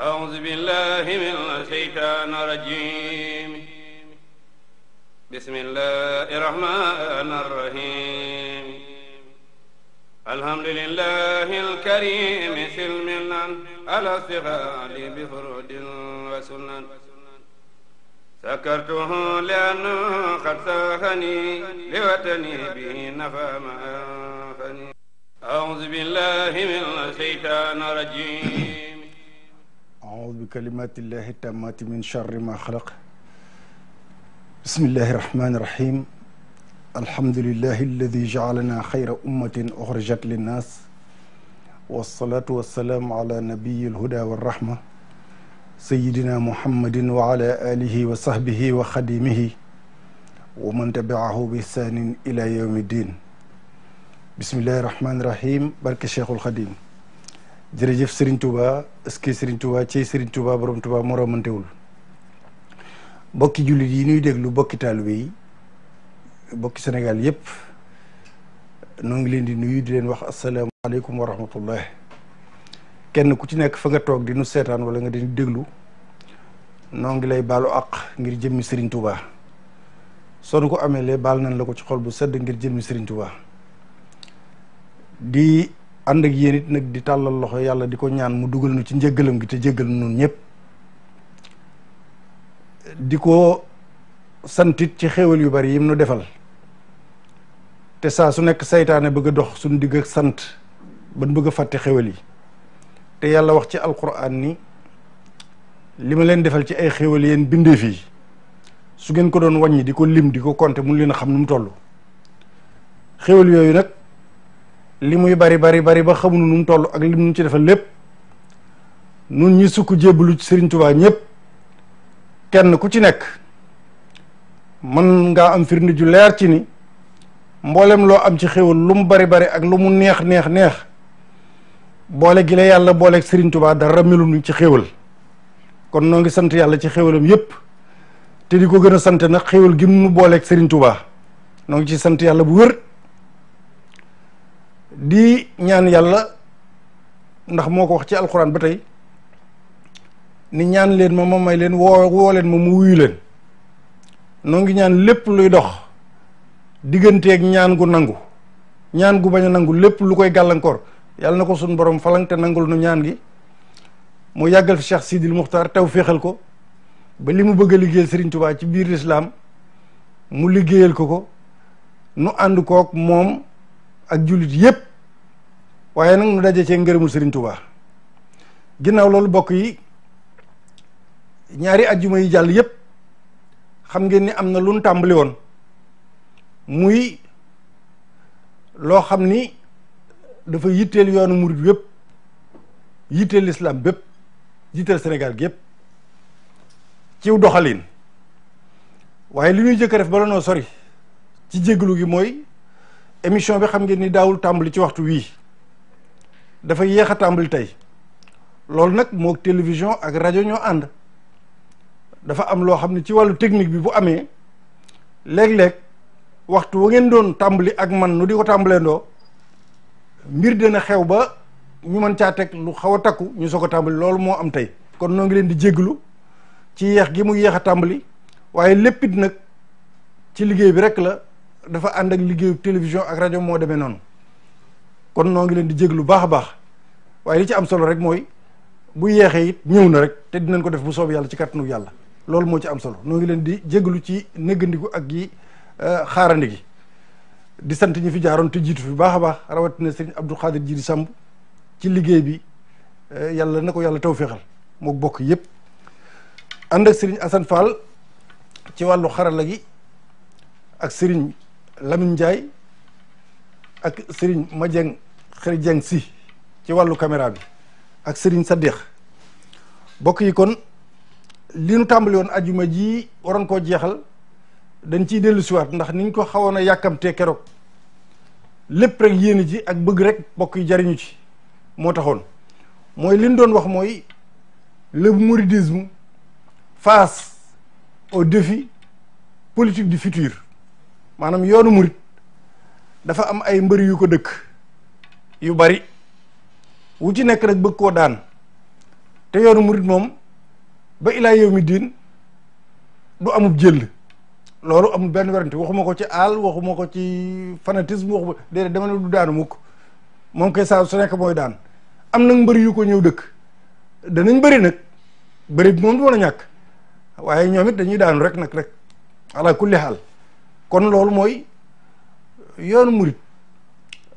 أعوذ بالله من الشيطان الرجيم بسم الله الرحمن الرحيم الحمد لله الكريم سلمنا على الصغار بفرد وسنن سكرته لأنه قد ساخني لوطني به نفى ما أعوذ بالله من الشيطان الرجيم audu bi kalimatillahi tammaati min charri ma xalaq bismillahi rahmani rahim alhamdulillahi alladi jaalana xayra ummatin oxrijat linnaas wasalaatu wasalaam ala nabiyi alhuda warrahma sayidina muhammadin wa ala alihi wa sahbihi wa xadimihi wa man tabiahu bi ihsanin ila yawmi ddin bismillahi rahmani rahim barke cheikhul xadim jërëjëf Serigne Touba ski Serigne tubaa ci Serigne Touba borom tubaa moromantewul bokki jullit yi nuy déglu bokki taalibe yi bokki Sénégal yëpp noo ngi leen di nuyu di leen wax asalaamaaleykum wa rahmatullah kenn ku ci nekk fa nga toog di nu seetaan wala nga di déglu noongi lay baalu àq ngir jëmmi Serigne Touba soo ko amee lee baal nañ la ko ci xol bu sedd ngir jëmmi Serigne Touba di. ànd ak yéen it nag di tàllal loxo yàlla di ko ñaan mu dugal nu ci njëggalam gi te jéggal nun ñëpp di ko santit ci xéewal yu bari yim nu defal te saa su nekk seytaane bëgg a dox suñ digg sant ba bëgg a fàtte xéewal yi te yàlla wax ci alquran ni li ma leen defal ci ay xéewal yéen bindee fii su ngeen ko doon wàññi di ko lim di ko compter mu leen a xam nu mu toll xéewal yooyu nag li muy bari bari bari ba xamuñu nu mu toll ak lim ñu ci defee lépp nun ñi sukk jébbalu Sëriñ tubaa ñëpp kenn ku ci nekk man ngaa am firnde ju leer ci ni mboolem loo am ci xéwal lu mu bari bari ak lu mu neex neex neex boole gi la yàlla booleeg Sëriñ tubaa dara melu melunu ci xéwal kon noo ngi sant yàlla ci xéwalam yëpp te di ko gën a sant na xéwal gi mu booleeg Sëriñ Tuubaa noo ngi ci sant yàlla bu wér di ñaan yàlla ndax moo ko wax ci alxuraan ba tey ni ñaan leen ma ma may leen woo woo leen ma mu wuyu leen noo ngi ñaan lépp luy dox digganteeg ñaan gu nangu ñaan gu bañ a nangu lépp lu koy gàllankoor yàlla na ko suñ borom falang te nangul nu ñaan gi mu yàggal fi Cheikh Sidil Muxtaar taw féexal ko ba li mu bëgg a liggéeyal Serigne Touba ci biir lislaam mu liggéeyal ko ko nu ànd koog moom ak jullit yépp waaye nag nu daje cee ngërëmul Serigne Touba ginnaaw loolu bokk yi ñaari ajjuma yi jàll yépp xam ngeen ni am na lu nu tàmbali woon muy loo xam ni dafa yitteel yoonu murid yépp yitteel lislaam bépp yitteel senegal gi yépp ciw doxalin waaye li ñuy jëkk a def bala noo sori ci jégalu gi mooy émission bi xam ngeen ni daawul tàmbali ci waxtu wii dafa yéex a tàmbali tey loolu nag moog télévision ak rajo ñoo ànd dafa am loo xam ne ci wàllu technique bi bu amee léeg-léeg waxtu wa ngeen doon tàmbali ak man nu di ko tàmbaleendoo mbir dina xew ba ñu mën caa teg lu xaw a takku ñu soog a tàmbali loolu moo am tey kon noo ngi leen di jégalu ci yéex gi mu yéex a tàmbali waaye léppit nag ci liggéey bi rek la dafa ànd ak liggéeyu télévision ak rajo moo demee noonu kon noo ngi leen di jéglu baax a baax waaye li ci am solo rek mooy bu yeexee it ñëw na rek te dinan ko def bu soob yàlla ci kàttanu yàlla loolu moo ci am solo noo ngi leen di jéglu ci néggandiku ak yi euh, xaarandi gi di sant ñi fi jaaroon te jiitu fi baax a baax rawatina sëriñ Abdou Khadir Jiri Samb ci liggéey bi euh, yàlla na ko yàlla féexal moo bokk yépp ànd ak sëriñ assan Fall ci wàllu xarala gi ak sëriñ Lamine Ndiaye ak Serigne Madieng Xëri Dieng si ci wàllu caméra bi ak sa Sadikh bokk yi kon li nu tàmbali woon ajuma ji waroon koo jeexal dañ ciy dellu siwaat ndax niñ ko xawoon a yàkkamtee keroog lépp rek yéene ji ak bëgg rek bokk yi jariñu ci moo taxoon mooy li ñu doon wax mooy le mouridisme face au défi politique du futur maanaam yoonu murit dafa am ay mbër yu ko dëkk yu bari wu ci nekk rek bëgg koo daan te yoonu murit moom ba ilaa yow mi diin du amub jël loolu amul benn werante waxuma ko ci aal waxuma ko ci fanatisme waxuma déedéet dama du daanu mukk moom kay saa su nekk mooy daan am nag mbëri yu ko ñëw dëkk danañ bëri nag bëri bi moom du mën a ñàkk waaye ñoom it dañuy daanu rek nag rek ala kulli xaal kon loolu mooy yoonu murit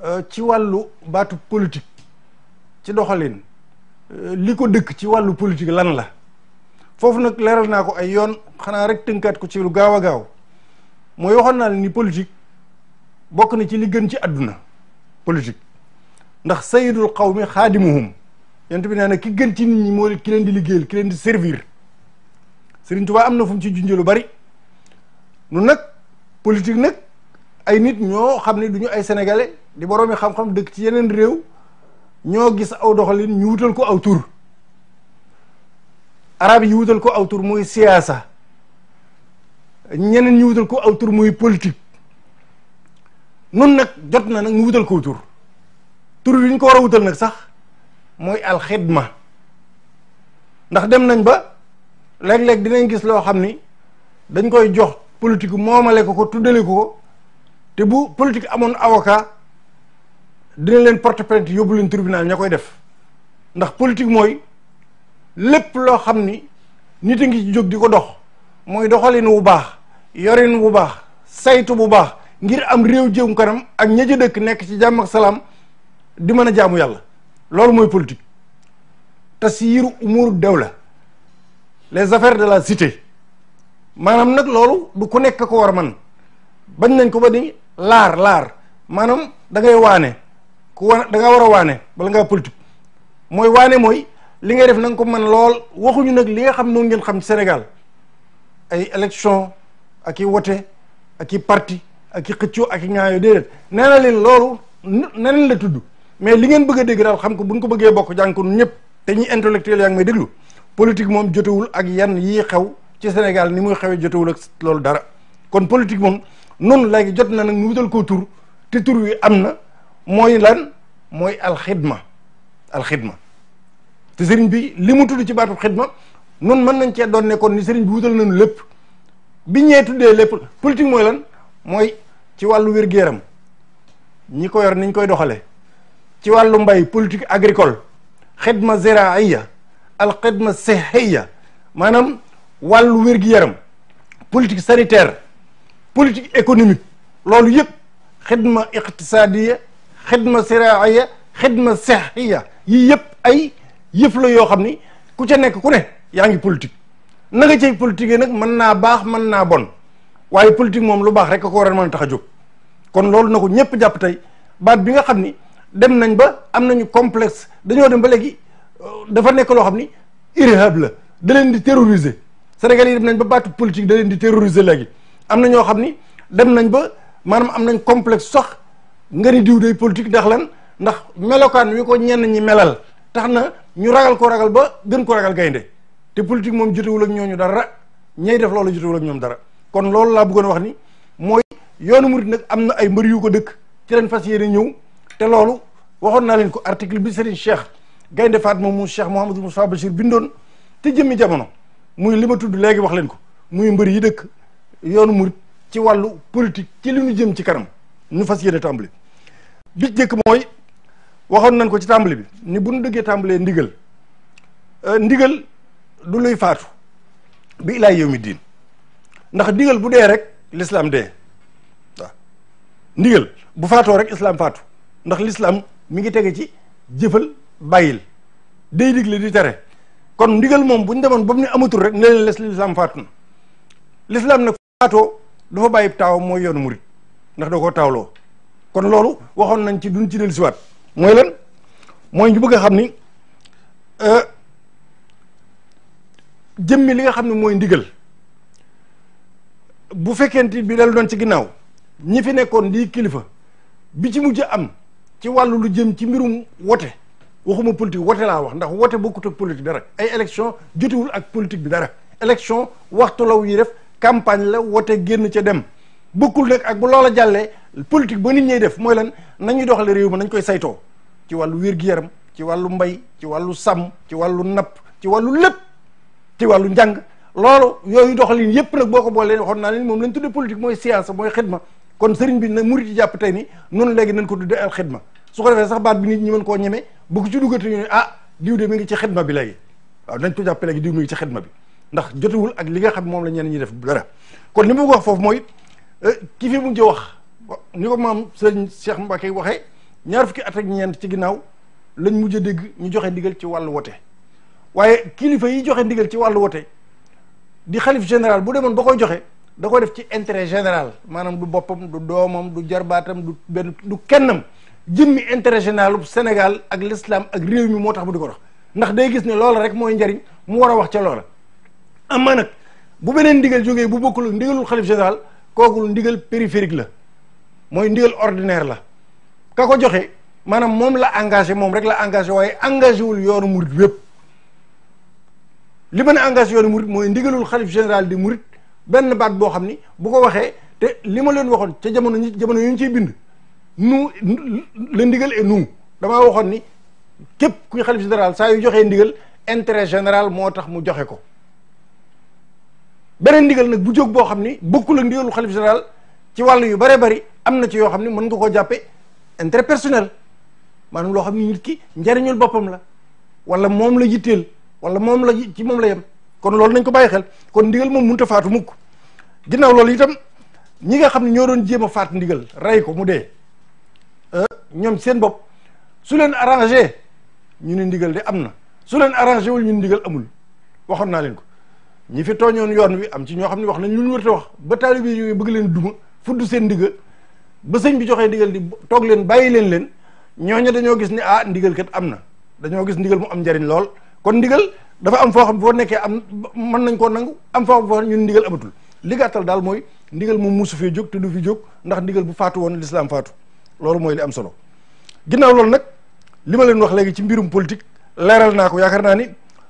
euh, ci wàllu baatu politique ci doxalin euh, li ko dëkk ci wàllu politique lan la foofu nag leeral naa ko ay yoon xanaa rek tënkaat ko ci lu gaaw a gaaw mooy waxoon naa ni politique bokk na ci li gën ci àdduna politique ndax sayidul qawmi xaadimuhum yent bi nee na ki gën ci nit ñi moo ki di liggéeyal ki di servir Sëriñ Tuubaa am na fu mu ci junjee lu bari nu nag politique nag ay nit ñoo xam ne du ñu ay sénégalais di boroomi xam-xam dëkk ci yeneen réew ñoo gis aw doxalin ñu wutal ko aw tur arab yi wutal ko aw tur muy siyaasa ñeneen ñu wutal ko aw tur muy politique nag jot na nag ñu ko tur tur wi ñu ko war a wutal nag sax mooy alxidma ndax dem nañ ba léeg-léeg dinañ gis loo xam ni dañ koy jox politique moomale ko ko tuddale ko ko te bu politique amoon avocat dina leen porte plainte yóbbu leen tribunal ña koy def ndax politique mooy lépp loo xam ni nit a ngi ci jóg di ko dox mooy doxalin wu baax yorin bu baax saytu bu baax ngir am réew jëm kanam ak ña ca dëkk nekk ci jàmm ak salaam di mën a jaamu yàlla loolu mooy politique tasiyiru umuru dawla les affaires de la cité maanaam nag loolu du ku nekk ko war man bañ nañ ko ba di laar laar maanaam dangay waane ku wa da war a waane bala ngaa politique mooy waane mooy li ngay def na ko man lool waxuñu nag li nga xam noonu ngeen xam Sénégal ay élection ak i wote ak i parti ak i xëccoo ak yi ñaayo déedéet nee na leen loolu neneen la tudd mais li ngeen bëgg a dégg daal xam ko buñ ko bëggee bokk jàng ko ñëpp te ñi intellectuel yaa ngi may déglu politique moom jotewul ak yan yii xew ci Sénégal ni muy xewee jotewul ak loolu dara kon politique moom noonu léegi jot na nag ñu wutal koo tur te tur wi am na mooy lan mooy alxidma alxidma te sëriñ bi li mu tudd ci baatu xidma noonu mën nañ cee doon nekkoon ni sëriñ bi wutal nañu lépp bi ñee tuddee lépp politique mooy lan mooy ci wàllu wér yaram ñi ko yor niñ koy doxale ci wàllu mbay politique agricole xidma ziraaiya al xidma sehiya maanaam wàllu wér-gi-yaram politique sanitaire politique économique loolu yëpp xidma iqtisaadiya xidma siraaya xidma sexiya yi yëpp ay yëf la yoo xam ni ku ca nekk ku ne yaa ngi politique na nga cay politique nag mën naa baax man naa bon waaye politique moom lu baax rek ko war a mën a tax a jóg kon loolu na ko ñëpp jàpp tey baat bi nga xam ni dem nañ ba am nañu complexe dañoo dem ba léegi euh, dafa nekk loo xam ni irhab la da di terroriser Sénégal yi dem nañ ba baatu politique da leen di terroriser léegi am na ñoo xam ni dem nañ ba maanaam am nañ complexe sax nga ni diw day politique ndax lan ndax melokaan wi ko ñenn ñi melal tax na ñu ragal ko ragal ba gën ko ragal gaynde te politique moom jotewul ak ñooñu dara ñay def loolu jotewul ak ñoom dara kon loolu laa bëggoon wax ni mooy yoonu murit nag am na ay mbër yu ko dëkk ci leen fas yéene ñëw te loolu waxoon naa leen ko article bi Serigne Cheikh Gaynde Fatma mu Cheikh Mouhamadou Moussa Bachir bindoon te jëmmi jamono muy li ma tudd léegi wax leen ko muy mbëri yi dëkk yoonu murit ci wàllu politique ci li ñu jëm ci kanam ñu fas yéene tàmbali bi jëkk mooy waxoon nañ ko ci tàmbali bi ni bu ñu dëggee tàmbalee ndigal euh, ndigal du luy faatu bi ilaa yow mi diin ndax ndigal bu dee rek l'islam dee waaw ndigal bu faatoo rek islam faatu ndax lislaam mi ngi tege ci jëfal bàyyil day digle di tere kon ndigal moom bu ñu demoon ba mu ne amatul rek ne leen les lislaam faatu na lislaam nag faatoo dafa bàyyi taaw mooy yoonu murit ndax da koo taawloo kon loolu waxoon nañ ci duñ ci dellusiwaat mooy lan mooy ñu bëgg a xam ni euh, jëmmi li nga xam ne mooy ndigal bu fekkente bi dal doon ci ginnaaw ñi fi nekkoon di kilifa bi ci mujj am ci wàllu lu jëm ci mbirum wote waxuma politique wote laa wax ndax wote bokkut ak politique dara ay élection jotiwul ak politique bi dara élection waxtu law yi def campagne la wote génn ca dem bokkul nag ak bu loola jàllee politique ba nit ñiy def mooy lan nañuy doxale réew ma nañ koy saytoo ci wàllu wér yaram ci wàllu mbay ci wàllu sàmm ci wàllu napp ci wàllu lépp ci wàllu njàng loolu yooyu doxalin yépp nag boo ko boolee waxoon naa leen moom lañ tuddee politique mooy science mooy xidma kon sëriñ bi nag murit yi jàpp tey ni noonu léegi nañ ko tuddee al xidma su ko defee sax baat bi nit ñi mën koo ñeme bu ko ci duggati ñu ne ah diw de mi ngi ci xidma bi léegi waaw nañ ko jàppe léegi diw mi ngi ci xidma bi ndax jotewul ak li nga xam moom la ñenn ñi def dara kon li ma wax foofu mooy eh, ki fi mujj wax ni maam sëriñ Cheikh Mbacke waxee ñaar fukki at ak ñeent ci ginnaaw lañ mujj a dégg ñu joxe ndigal ci wàllu wote waaye kilifa yi joxe ndigal ci wàllu wote di xalif général bu demoon ba koy joxe da koy def ci intérêt général maanaam du boppam du doomam du jarbaatam du benn du kennam jëmmi intérêt général bu Sénégal ak l'islam ak réew mi moo tax bu di ko dox ndax day gis ne loola rek mooy njariñ mu war a wax ca loola amma nag bu beneen ndigal jógee bu bokkul ndigalul xalif général kooku ndigal périphérique la mooy ndigal ordinaire la ka ko joxe maanaam moom la engagé moom rek la engagé waaye engagé wul yoonu murit wépp li mën a engagé yoonu murit mooy ndigalul xalif général di murit benn baat boo xam ni bu ko waxee te li ma leen waxoon ca jamono ñi jamono yu ñu bind nu le ndigal et nous damaa waxoon ni képp kuy xalif général saa yu joxee ndigal intérêt général moo tax mu joxe ko beneen ndigal nag bu jóg boo xam ni bokkul ak ndigalu xalif général ci wàll yu bare bari am na ci yoo xam ni mën nga koo jàppe intérêt personnel maanaam loo xam ni nit ki boppam la wala moom la yitteel wala moom la ci moom la yem kon loolu nañ ko bàyyi xel kon ndigal moom mun a faatu mukk ginnaaw loolu itam ñi nga xam ne ñoo doon jéem a faat ndigal rey ko mu dee Euh, ñoom seen bopp su leen arranger ñu ne ndigal de am na su leen arrangé wul ñu ne ndigal amul waxoon naa leen ko ñi fi tooñoon yoon wi am ci ñoo xam ne wax nañ lu ñu war a wax ba taalibe yi bëgg leen duma fudd seen ndigal ba sëñ bi joxee ndigal di toog leen bàyyi leen leen ñooñu dañoo gis ne ah ndigal kat am na dañoo gis ndigal mu am njariñ lool kon ndigal dafa am foo xam foo nekkee am mën nañ koo nangu am foo xam foo ñun ndigal amatul li daal mooy ndigal moom musu fee jóg te fi jóg ndax ndigal bu faatu woon lislaam faatu loolu mooy li am solo ginnaaw loolu nag li ma leen wax léegi ci mbirum politik leeral naa ko yaakaar naa ni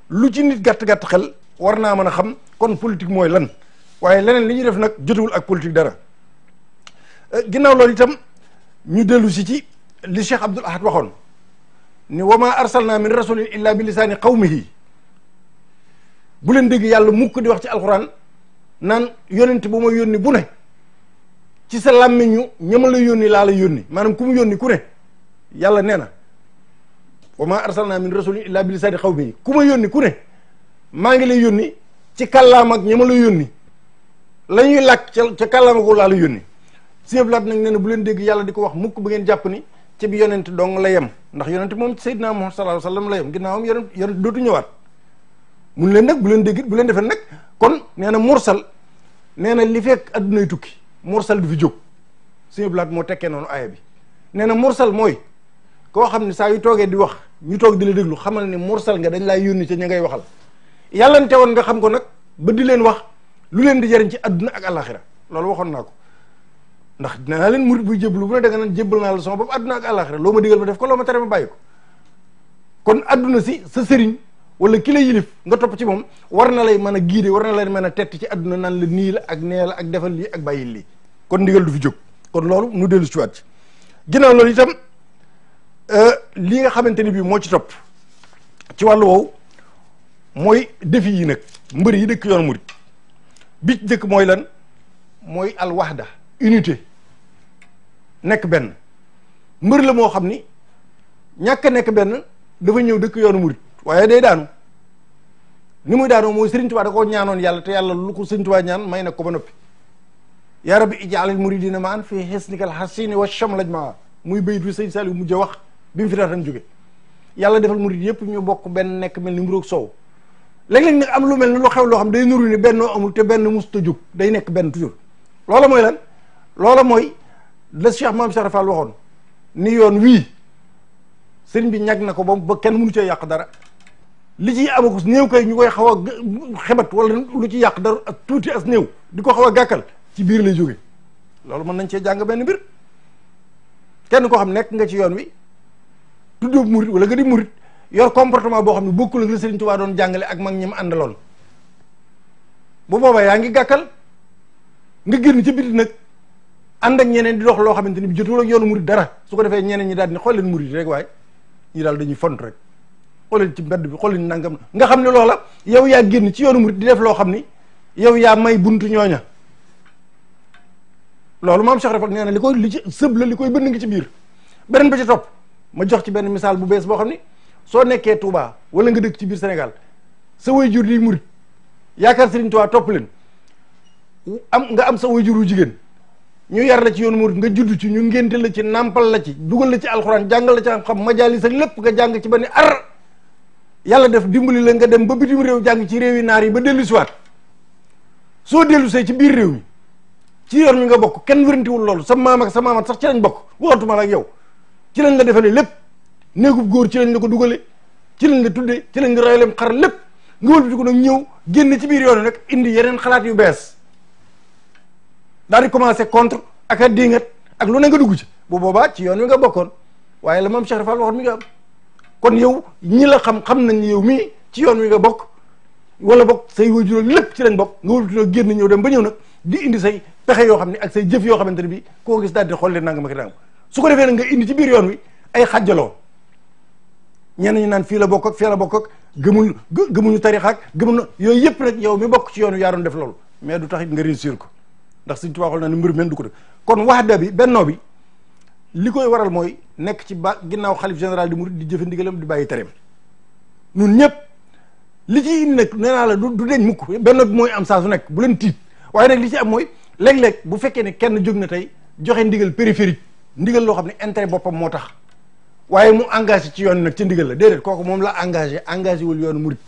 lu ci nit gàtt-gàtt xel war naa mën a xam kon politique mooy lan waaye leneen li ñuy def nag jotewul ak politique dara eh, ginnaaw loolu itam ñu dellu si ci li Cheikh Abdoul Ahad waxoon ni wa ma arsalna min rasulin illa bi lisaani qawmihi bu leen dégg yàlla mukk di wax ci alkuraan naan yonent bu ma yónni bu ne ci sa làmmiñu ñama la yónni laa la yónni maanaam ku mu yónni ku yàlla nee na wa maa arsalna min rasulin illaa bi lisaani ku ma yónni ku maa ngi lay yónni ci kallaama ak ñama la yónni la ñuy làkk ca ca kàllaama ko laa la yónni sieb laat nag nee bu leen dégg yàlla di ko wax mukk ba ngeen jàpp ni ci bi yonent dong la yem ndax yonent moom sayyidina Muhammad sallallahu alayhi wa sallam la yem ginnaawam yonent yonent dootu ñëwaat mun leen nag bu leen dégg bu leen defee nag kon nee na mursal nee na li fekk addunay tukki mursal du fi jóg suñu blaat moo tekkee noonu aaya bi nee na mursal mooy koo xam ne saa yu toogee di wax ñu toog di la déglu xamal ne mursal nga dañ laay yónni ca ña ngay waxal yàllante woon nga xam ko nag ba di leen wax lu leen di jariñ ci àdduna ak alaxira loolu waxoon naa ko ndax nee naa leen murit buy jébbalu bu ne da nga naan jébbal naa la sama bopp adduna ak loo ma digal ma def ko loo ma tere ma bàyyi ko kon adduna si sa sëriñ wala ki la yilif nga topp ci moom war na lay mën a giide war na lay mën a tett ci àdduna naan la nii la ak nee la ak defal lii ak bàyyi lii kon ndigal du fi jóg kon loolu nu dellu ci waat ginnaaw loolu itam euh, li nga xamante ni bii moo ci topp ci wàllu wow mooy défi yi nag mbër yi dëkk yoon murit bi ci dëkk mooy lan mooy alwaxda unité nekk benn mbër la moo xam ni ñàkk nekk benn dafa ñëw dëkk yoonu murit waaye day daanu ni muy daanoo mooy Sëriñ Tuubaa da ñaanoon yàlla te yàlla lu ko Sëriñ Tuubaa ñaan may na ko ba noppi yaa rabbi ijaalil muridina ma an fii xisnikal xasini wa chamlaj ma muy bayit bi sëñ Saliou mujj a wax bi mu fi daataan jóge yàlla defal murid yëpp ñu bokk benn nekk mel ni mburoog soow léeg-léeg nag am lu mel ni lu xew loo xam day nuru ni bennoo amul te benn musta jóg day nekk benn toujours loola mooy lan loola mooy la Cheikh Maam Cheikh Rafal waxoon ni yoon wii sëriñ bi ñag na ko ba ba kenn mënu cee yàq dara li ci amagus néew kay ñu koy xaw a xebat wala lu ci yàq dara ak tuuti as néew di ko xaw a gàkkal ci biir lay jóge loolu mën nañ cee jàng benn mbir kenn koo xam nekk nga ci yoon wi tuddoo murit wala nga di murit yor comportement boo xam ne bokkul ak la Sëriñ Tuubaa doon jàngale ak mag ñi mu àndaloon bu boobaa yaa ngi gàkkal nga génn ci biti nag ànd ñeneen di dox loo xamante ni bi jotul yoonu murit dara su ko defee ñeneen ñi daal di xool leen murit rek waaye ñi daal dañuy font rek xool leen ci mbedd bi xool nangam nga xam ne loola yow yaa génn ci yoonu murit di def loo xam ni yow yaa may buntu ñooña loolu maam Cheikh Rafal nee na li koy li ci sëb la li koy bënn ngi ci biir beneen bi ci topp ma jox ci benn misaal bu bees boo xam ni soo nekkee Touba wala nga dëkk ci biir senegal sa jur di murit yaakaar si Serigne towaa topp leen am nga am sa waajur wu jigéen ñu yar la ci yoonu murit nga judd ci ñu ngénte la ci nàmpal la ci dugal la ci alxuraan jàngal la ci xam-xam majaalis ak lépp nga jàng ci ba ni ar yàlla def dimbali la nga dem ba bitim réew jàng ci réew yi naar yi ba dellu siwaat soo dellu see ci biir réew yi ci yoon ñu nga bokk kenn wérantiwul loolu sa maam ak sa maamat sax ci lañ bokk waxatuma ak yow ci lañ la defalee lépp néegub góor ci lañ la ko dugale ci lañ la tuddee ci lañ la rayalem xar lépp nga wëlbati ko nag ñëw génn ci biir yoon nag indi yeneen xalaat yu bees daal di commencé contre ak a dingat ak lu ne nga dugg ci bu boobaa ci yoon wi nga bokkoon waaye la maam Cheikh Fall waxoon mi nga am kon yow ñi la xam xam nañ yow mi ci yoon wi nga bokk wala bokk say wajur lépp ci lañ bokk nga wëlbatuloo génn ñëw dem ba ñëw nag di indi say pexe yoo xam ne ak say jëf yoo xamante ne bii koo gis daal di xool leen nangam ak su ko defee nag nga indi ci biir yoon wi ay ñenn ñi naan fii la bokk ak fii la bokk ak gëmul gëmuñu tarixa ak gëmul yooyu yëpp nag yow mi bokk ci yoon wi def lool mais du tax nga réussir ko ndax suñ tubaab xool na ne mbir men du ko def kon waxda bi bennoo bi li koy waral mooy nekk ci ba ginnaaw xalif général di mu di jëfe ndigalam di bàyyi tereem ñun ñëpp li ci indi nag nee naa la du du deñ mukk benn mooy am saa nekk bu leen tiit waaye nag li ci am mooy léeg-léeg bu fekkee ne kenn jóg na tey joxe ndigal périphérique ndigal loo xam ne intérêt boppam moo tax waaye mu engagé ci yoon nag ci ndigal la déedéet kooku moom la engagé engagé wul yoonu murit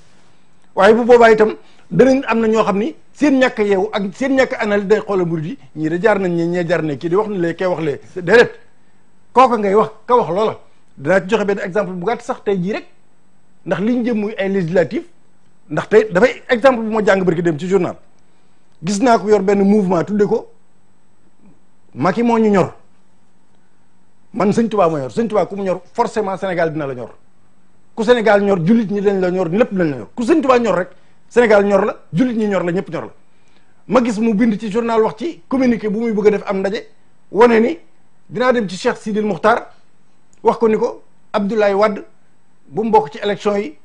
waaye bu boobaa itam danañ am na ñoo xam ni seen ñàkk yeewu ak seen ñàkk analyse day xoola murit yi ñii da jaar nañ ñi ñee jaar ne kii di wax ne lee kee wax lee déedéet kooku ngay wax ka wax loola joxe benn exemple bu gàtt sax tey jii rek ndax li jëm muy ay législatif ndaxte dafay exemple bu ma jàng barki dem ci journal gis naa ko yor benn mouvement tudde ko Macky moo ñu ñor man sëñ Tuubaa moo ñor sëñ Tuubaa ku mu ñor forcément Sénégal dina la ñor ku Sénégal ñor jullit ñi dañ la ñor lépp dañ la ñor ku sëñ Tuubaa ñor rek Sénégal ñor la jullit ñi ñor la ñëpp ñor la ma gis mu bind ci journal wax ci communiqué bu muy bëgg a def am ndaje wane ni dinaa dem ci Cheikh Sidil Muxtaar wax ko ni ko Abdoulaye Wade bu mu bokk ci élection yi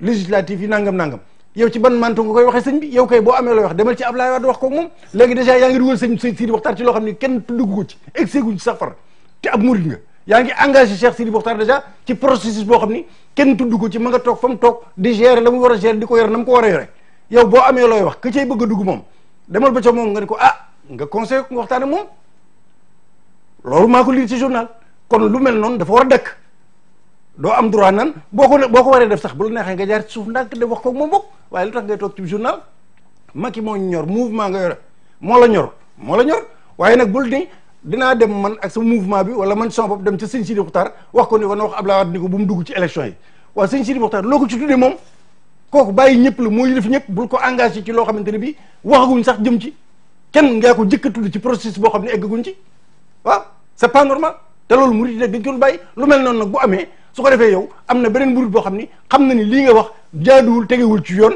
législative yi nangam nangam yow ci ban mantu nga koy waxee sëñ bi yow kay boo amee looy wax demal ci Ablaye Wade wax ko moom léegi dèjà yaa ngi dugal sëñ Sidi Mokhtar ci loo xam ne kenn dugg ko ci egseeguñ ci safar yaa ngi engagé Cheikh Sidi Mokhtar dèjà ci processus boo xam ni kenn tudd ko ci manga nga toog fa mu toog di gérer la mu war a gérer di ko yore na ko war a yore yow boo amee looy wax ka cay bëgg a moom demal ba ca moom nga ne ko ah nga conseillé ko nga waxtaan ak moom loolu maa ko lire ci journal kon lu mel noonu dafa war a doo am droit nan boo ko boo ko waree def sax bu la neexee nga jaar ci suuf ndànk de wax ko moom bokk waaye lu tax ngay toog ci journal Macky moo ñor mouvement nga yore moo la ñor moo la ñor waaye nag bul ni dinaa dem man ak sa mouvement bi wala man sama bopp dem ca sëñ Sidi Muxtaar wax ko ni wana wax Abdoulaye Wade ni ko bu mu dugg ci élection yi waaw sëñ Sidi Muxtaar loo ko moom kooku bàyyi ñëpp la moo yilif ñëpp bul ko engagé ci loo xamante ne bii waxaguñ sax jëm ci kenn ngaa ko jëkk a ci processus boo xam ne eggaguñ ci waaw c'est pas te loolu murid nag dañ ko bàyyi lu mel noonu nag bu amee su ko defee yow am na beneen murid boo xam ni xam na ni lii nga wax jaaduwul tegewul ci yoon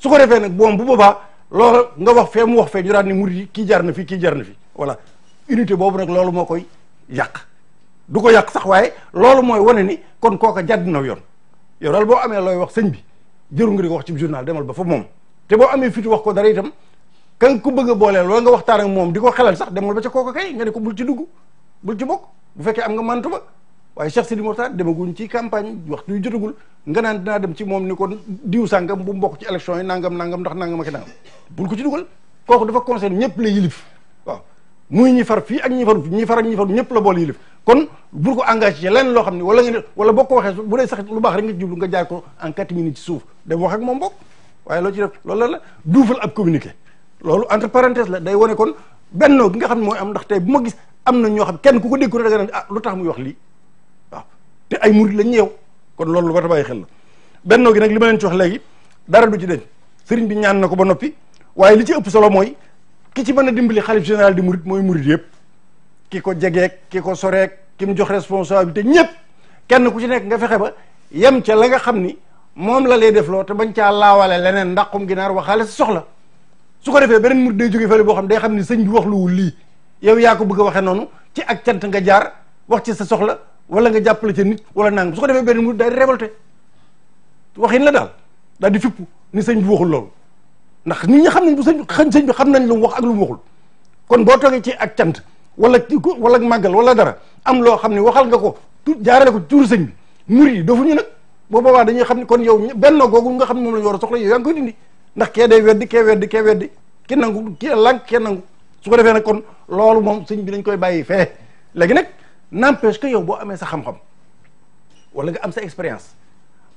su ko defee nag boom bu boobaa loolu nga wax fee mu wax fee ñu daan ni murid yi kii jaar na fi kii jaar na fi voilà unité boobu nag loolu moo koy yàq du ko yàq sax waaye loolu mooy wane ni kon kooka jàdd na yoon yow daal boo amee looy wax sëñ bi jëru nga di ko wax ci journal demal ba fa moom te boo amee fitu wax ko dara itam kan ku bëgg a booleel wala nga waxtaan ak moom di ko xelal sax demal ba ca kooka kay nga ne ko bul ci dugg bul bokk bu fekkee am nga mantu ba waaye Cheikh Sidi Mourtada demaguñ ci campagne waxtu yu jotagul nga naan dinaa dem ci moom ni kon diw sàngam bu mbokk ci élection yi nangam nangam ndax nangam ak nangam bul ko ci dugal kooku dafa ñëpp la yilif waaw muy ñi far fii ak ñi faru ñi far ak ñëpp la boole kon bul ko engagé ci loo xam ne wala nga wala boo ko waxee bu dee sax lu baax rek nga jublu nga jaar ko en quatre minutes ci suuf dem wax ak moom bokk waaye loo ci la la duufal ab loolu entre parenthèse la day wane kon bennoo gi nga xam ne mooy am ndax tey bu ma gis am na ñoo xam kenn ku ko dégg ko da ah lu tax muy wax lii te ay murit lañ ñëw kon loolu lu war a bàyyi xel la bennoo gi nag li ma leen ci wax léegi dara du ci deñ sëriñ bi ñaan na ko ba noppi waaye li ci ëpp solo mooy ki ci mën a dimbali xalif général di murit mooy murit yëpp ki ko jegeek ki ko soreek ki mu jox responsabilité ñëpp kenn ku ci nekk nga fexe ba yem ca la nga xam ni moom la lay defloo te bañ caa laawale leneen ndax kom ginaar waxaale sa soxla su ko defee beneen murit day jóge fële boo xam day xam ni sëñ bi wax lii yow yaa ko bëgg a waxee noonu ci ak cant nga jaar wax ci sa soxla wala nga jàppale ca nit wala nangam su ko defee benn mu day révolté waxin la daal daal di fippu ni sëñ bi waxul loolu ndax nit ñi xam nañ bu sëñ xañ sëñ bi xam nañ lu mu wax ak lu mu kon boo toogee ci ak cant wala wala màggal wala dara am loo xam ne waxal nga ko tu jaarale ko tuur sëñ bi mur yi dofuñu nag boo boobaa dañuy xam ne kon yow benn googu nga xam ne moom la ñu war a soxla yow yaa ngi koy dindi ndax kee day weddi kee weddi kee weddi ki nangu ki lànk kee nangu ko defee nag kon loolu moom sëñ bi dañ koy bàyyi fee léegi nag n'empêche que yow boo amee sa xam-xam wala nga am sa expérience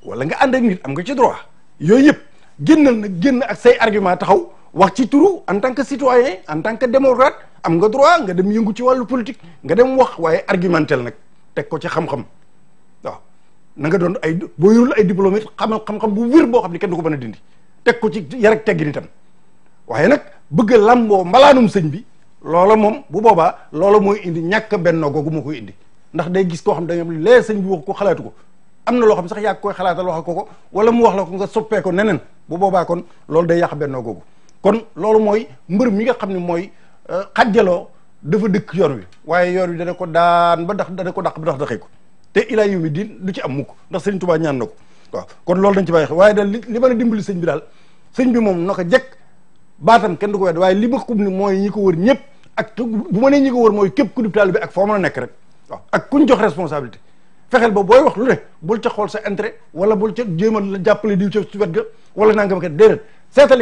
wala nga ànd ak nit am nga ci droit yooyu yëpp génnal nag génn ak say argument taxaw wax ci turu en tant que citoyen en tant que démocrate am nga droit nga dem yëngu ci wàllu politique nga dem wax waaye argumentel nag teg ko ci xam-xam waaw na nga doon ay boo yorul ay diplôme it xamal xam-xam bu wér boo xam ne kenn du ko mën a dindi teg ko ci yar ak teggin itam waaye nag bëgg a làmboo mbalaanum sëñ bi loola moom bu boobaa loolo mooy indi ñàkk benn googu moo koy indi ndax day gis koo xam da nga lee sëñ bi wax ko xalaatu ko am na loo xam sax yaa koy xalaatal wax ko ko wala mu wax la ko nga soppee neneen bu boobaa kon loolu day yàq benn googu kon loolu mooy mbër mi nga xam ne mooy euh, xajjaloo dafa dëkk yoon wi waaye yoon wi dana ko daan ba dax dana ko daq ba dax ko te ilaa yow mi diin lu ci am mukk ndax sëñ Tuubaa ñaan ko waaw kon loolu dañ ci bàyyi waaye daal a dimbali sëñ bi daal sëñ bi moom na ko jekk baatam kenn du ko wedd waaye li ma xub ni mooy ñi ko wër ñëpp ak bu ma nee ñi ko wër mooy képp ku di taalibe ak foo mën a nekk rek waaw ak kuñ jox responsabilité fexeel ba booy wax lu ne bul ca xool sa intérêt wala bul ca jéem la jàppale diw ca wet ga wala nangam kat déedéet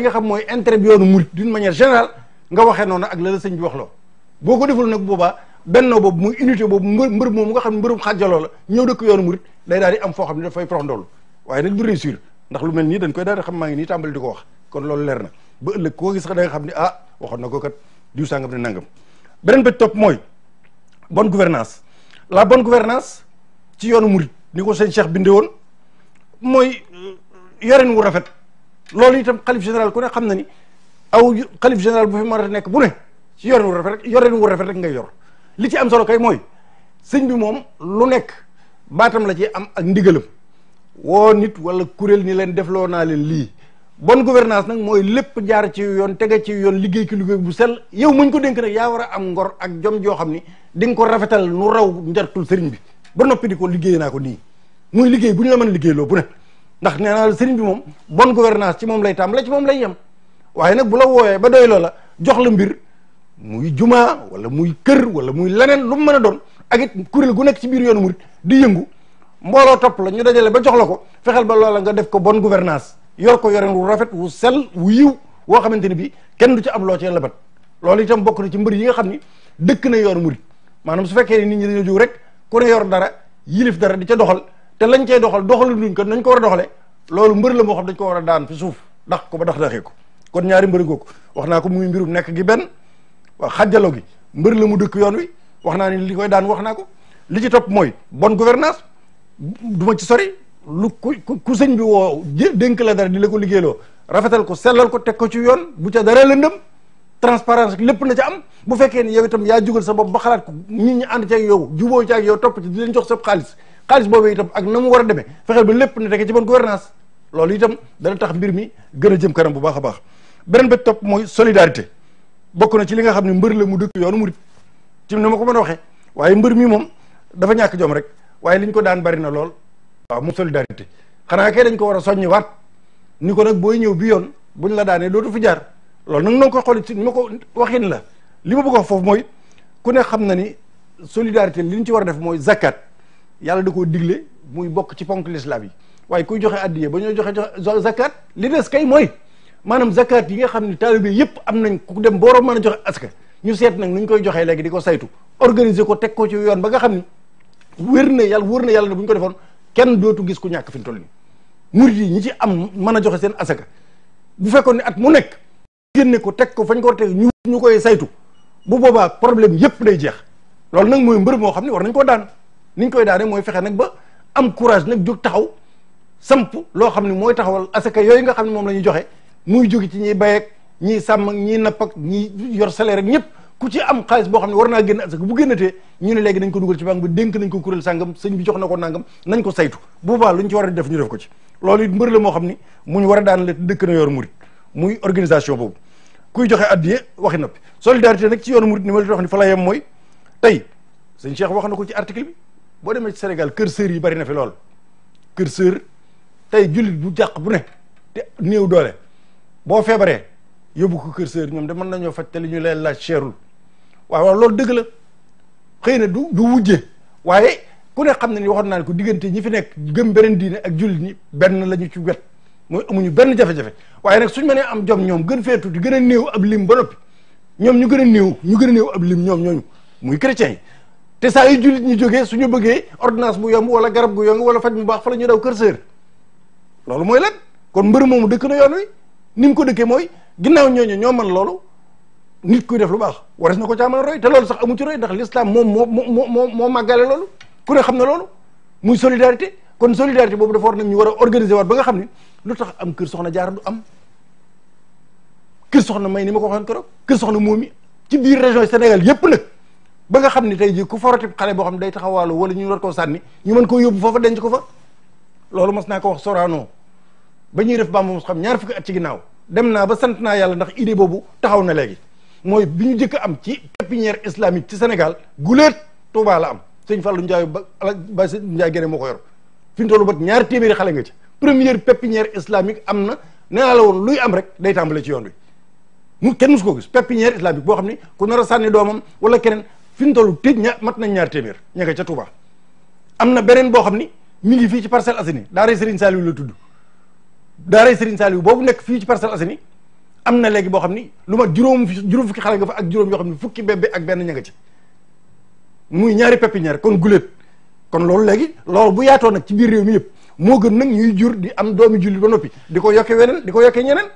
nga xam mooy intérêt bi yoonu murit d'une manière générale waxee noonu ak la wax loo boo ko deful nag boobaa bennoo boobu mu unité boobu mbër mbër moom nga xam ne mbërum xaajaloo la ñëw dëkk yoonu murit day daal di am foo xam ne dafay prox ndoll waaye nag du réussir ndax lu mel nii dañ koy daal xam maa ngi nii tàmbali di ko wax kon loolu leer na ba koo gis da nga xam ne ah waxoon na ko kat diw sàngam ne nangam beneen bi topp mooy bon gouvernance la bon gouvernance ci yoonu murit ni ko sëñ Cheikh bindee woon mooy euh, yorin wu rafet loolu itam xalif général ku ne xam na aw xalif général bu fi mën a nekk bu ne ci yorin wu rafet rek yorin wu rafet rek ngay yor li ci am solo kay mooy sëñ bi moom lu nekk baatam la ci am ak ndigalam woo nit wala kuréel ni leen defloo naa leen lii bon gouvernance nag mooy lépp jaar ci yoon tege ci yoon liggéey ki liggéey bu sell yow muñ ko dénk nag yaa war a am ngor ak jom joo xam ni di nga ko rafetal nu raw njartul sëriñ bi ba noppi di ko liggéey naa ko nii muy liggéey bu ñu la man liggéey loo bu ne ndax nee naa sëriñ bi moom bon gouvernance ci moom lay tàmbale ci moom lay yem waaye nag bu la wooyee ba doy loo la jox la mbir muy jumaa wala muy kër wala muy leneen lu mu mën a doon ak it kuréel gu nekk ci biir yoonu murit di yëngu mbooloo topp la ñu dajale ba jox la ko fexeel ba loola nga def ko bonne gouvernance yor ko yoren wu rafet wu sel wu yiw woo xamante ni bi kenn du ci am loo ci la bat loolu itam bokk na ci mbër yi nga xam ni dëkk na yoon yoonu murit maanaam su fekkee ni nit ñi dañoo jóg rek ku ne yor dara yilif dara di ca doxal te lañ cay doxal doxalu duñ ko nañ ko war a doxale loolu mbër la moo xam dañ ko war a daan fi suuf dax ko ba dax daxee ko kon ñaari mbër googu wax naa ko muy mbiru nekk gi benn waaw xajjalo gi mbër la mu dëkk yoon wi wax naa ni li koy daan wax naa ko li ci topp mooy bonne gouvernance du ci sori lu ku ku sëñ bi woo dénk la dara di la ko liggéeyloo rafetal ko sellal ko teg ko ci yoon bu ca dara lëndëm transparence lépp na ci am bu fekkee ni yow itam yaa jugal sa bopp ba xalaat ko nit ñi ànd ci ak yow juboo ci ak yow topp ci di leen jox sa xaalis xaalis boobu tam ak na mu war a demee fexeel ba lépp na tege ci bonne gouvernance loolu tam dana tax mbir mi gën a jëm kanam bu baax a baax beneen ba topp mooy solidarité bokk na ci li nga xam ne mbër la mu dëkk yoonu murit ci ni ma ko mën a waxee waaye mbër mi moom dafa ñàkk jom rek waaye liñ ko daan bari na lool waaw moom solidarité xanaa kay dañ ko war a soññi waat ni ko nag booy ñëw bi yoon bu ñu la daanee dootu fi jaar loolu nag nanga ko xool ci ni ma ko waxin la li ma bëgg wax foofu mooy ku ne xam na ni solidarité li ñu ci war a def mooy zakat yàlla da koo digle muy bokk ci ponk l'islam yi waaye kuy joxe addiye ba ñoo joxe joxe zakat li des kay mooy maanaam zakat yi nga xam ne taalibe yëpp am nañ ku dem booroom mën a joxe aska ñu seet nag nu ñu koy joxee léegi di ko saytu organiser ko teg ko ci yoon ba nga xam ni yàlla wér na yàlla bu ñu ko defoon kenn dootu gis ku ñàkk fi mu toll nii murid yi ñi ci am mën a joxe seen asaka bu fekkoon ne at mu nekk génne ko teg ko fañ ko war teg ñu ñu koy saytu bu boobaa problème yépp day jeex loolu nag mooy mbër moo xam ne war nañ koo daan ni koy daane mooy fexe nag ba am courage nag jóg taxaw samp loo xam ne mooy taxawal asaka yooyu nga xam ne moom la ñuy joxe muy jóge ci ñiy bay ak sàmm ak ñiy napp ak yor sale rek ñëpp ku ci am xaalis boo xam ne war naa génn asaka bu génnatee ñu ne léegi nañ ko dugal ci banque bi dénk nañ ko kuréel sàngam sëñ bi jox na ko nàngam nañ ko saytu bu boobaa lu ñu ci war a def ñu def ko ci loolu it mbër la moo xam ni mu ñu war a daan la dëkk na yor murit muy organisation boobu kuy joxe addiye waxi noppi solidarité nag ci yoonu murit ni ma la wax ni fa la mooy tey sëñ Cheikh wax na ko ci article bi boo demee ci Sénégal kër sër yi bari na fi lool kër tey jullit bu jàq bu ne te néew doole boo feebaree yóbbu ko kër sër ñoom de mën nañoo faj ñu leen laaj cherul waaw loolu dëgg la xëy na du du wujje waaye ku ne xam na ni waxoon naa ne ko diggante ñi fi nekk gëm beneen diine ak jullit ñi benn lañu ñu ci wet mooy amuñu benn jafe-jafe waaye nag suñ mënee am jom ñoom gën fee tuuti gën a néew ab lim ba noppi ñoom ñu gën a néew ñu gën a néew ab lim ñoom ñooñu muy chrétien te saa yu jullit ñu jógee suñu bëggee ordonnance bu yomb wala garab gu yomb wala faj bu baax fa ñu daw kër sër loolu mooy lan kon mbër moomu dëkk na yoon ni mu ko dëkkee mooy ginnaaw ñooñu ñoo man loolu nit kuy def lu baax waras na ko caa a roy te loolu sax amu ci roy ndax l'islam moom moo moo moo moo màggale loolu ku ne xam na loolu muy solidarité kon solidarité boobu dafa war nañ ñu war a organiser waat ba nga xam ni lu tax am kër soxna jaar du am kër soxna may ni ma ko waxoon keroog kër soxna moom mi ci biir région Sénégal yépp nag ba nga xam ni tey jii ku foroti xale boo xam ne day taxawaalu wala ñu war koo sànni ñu mën koo yóbbu foofa denc ko fa loolu mas naa ko wax Sorano ba ñuy def Bamba mos xam ñaar fukki at ci ginnaaw dem naa ba sant naa yàlla ndax idée boobu taxaw na léegi mooy bi ñu jëkk am ci pépinière islamique ci Sénégal guleet Touba la am sëñ Fallou Ndiaye ba ala ba sëñ Ndiaye gene moo ko yor fi ñu tollu bat ñaari téeméeri xale nga ci première pépinière islamique am na nee naa la woon luy am rek day tàmbale ci yoon wi mu kenn musu ko gis pépinière islamique boo xam ne ku nar a sànni doomam wala keneen fi ñu toll tëj ña mat nañ ñaar téeméer ña nga ca Touba am na beneen boo xam ni mi ngi fii ci Parcelles Assainies daaray Serigne Saliou la tudd daaray Serigne Saliou boobu nekk fii ci Parcelles Assainies am na léegi boo xam ni lu ma juróom juróom fukki xale nga fa ak juróom yoo xam ni fukki bébé ak benn ña nga ci muy ñaari pépinière kon guléet kon loolu léegi loolu bu yaatoo nag ci biir réew mi yëpp moo gën nag ñuy jur di am doomi jullit ba noppi di ko yokke weneen di ko yokke ñeneen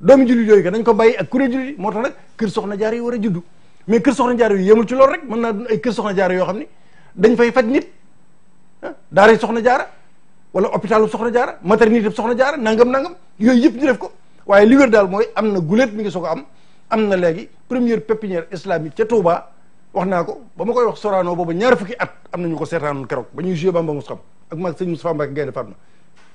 doomi jullit yooyu ka dañ ko bàyyi ak kuréel jullit moo tax nag kër soxna jaar yi war a juddu mais kër soxna jaar yi yemul ci loolu rek mën naa ay kër soxna jaar yoo xam ni dañ fay faj nit ah daara soxna jaara wala hôpitalu soxna jaara maternité soxna jaara nangam nangam yooyu yëpp ñu def ko waaye li daal mooy am na guléet mi ngi soo ko am am na léegi première pépinière islamique ca Touba wax naa ko ba ma koy wax Sorano boobu ñaar fukki at am na ñu ko seetaanoon keroog ba ñuy joué Bamba mos xam ak maag sëñ Moustapha Mbacke Gaynde Fatma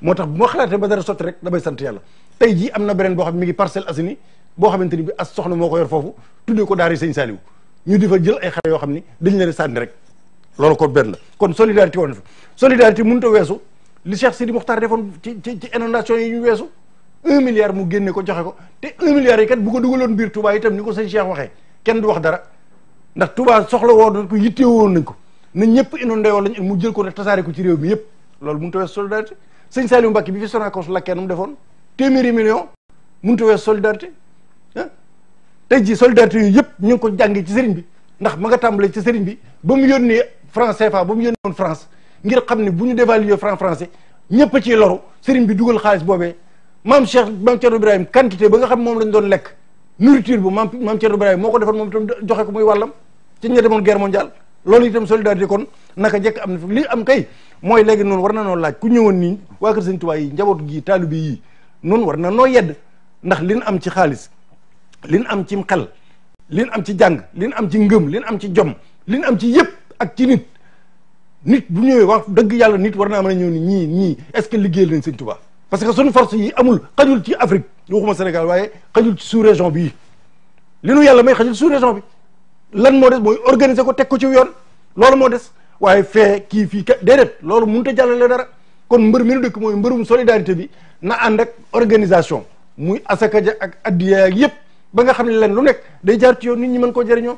moo tax bu ma xalaatee ba dara sotti rek damay sant yàlla tey ji am na beneen boo xam mi ngi Parcelles Assainies boo xamante ni bi as soxna moo ko yor foofu tuddee ko daari sëñ Saliou ñu di fa jël xam ni dañ leen sànni rek loolu ko benn la kon solidarité woon na fa solidarité mënut a weesu li Cheikh Sidi Mokhtar defoon ci ci ci inondation yi weesu un milliard mu génne ko joxe ko te un milliard yi bu ko dugaloon biir itam ni ko waxee kenn du wax dara ndax Touba soxla woo nañ ko woon nañ ko na ñëpp inondé woon lañ mu jël ko def ko ci réew mi yëpp loolu mënut a weesu solidarité sëñ Saliou Mbacke bi fi Sonacos lakkee nu mu defoon téeméeri million mënut a weesu solidarité ah tey jii solidarité yooyu yëpp ñu ngi ko jàngee ci sëriñ bi ndax ma tàmbalee ci sëriñ bi ba mu yónnee franc CFA ba mu yónnee woon France ngir xam ne bu ñu dévaluer franc français ñëpp ciy loru sëriñ bi dugal xaalis boobee maam Cheikh maam Thierno Ibrahim quantité ba nga xam moom lañ doon lekk nourriture bu maam maam Thierno Ibrahim moo ko defoon moom itam joxe ko muy wàllam ci ña demoon guerre mondiale loolu itam solidarité kon naka njëkk am na li am kay mooy léegi noonu war na noo laaj ku ñëwoon nii waa kër Sëñ Tuubaa yi njaboot gii taalibe yi noonu war na noo yedd ndax liñ am ci xaalis liñ am ci xel liñ am ci jàng liñ am ci ngëm liñ am ci jom liñ am ci yëpp ak ci nit bu ñëwee wax dëgg yàlla nit war naa mën ñëw ni ñii ñii est-ce que liggéeyal nañ Sëñ Tuubaa parce que suñu force yi amul xajul ci Afrique waxuma Sénégal waaye xajul ci sous région bii li nu yàlla may xajul sous région bi lan moo des mooy organiser ko teg ko ci yoon loolu moo des waaye fee kii fii ka déedéet loolu mënut a jàllale dara kon mbër mi nu mooy mbarum solidarité bi na ànd rek organisation muy asaka ja ak addiya ak yëpp ba nga xam ne leen lu nekk day jaar ci yoon nit ñi mën koo jëriñoo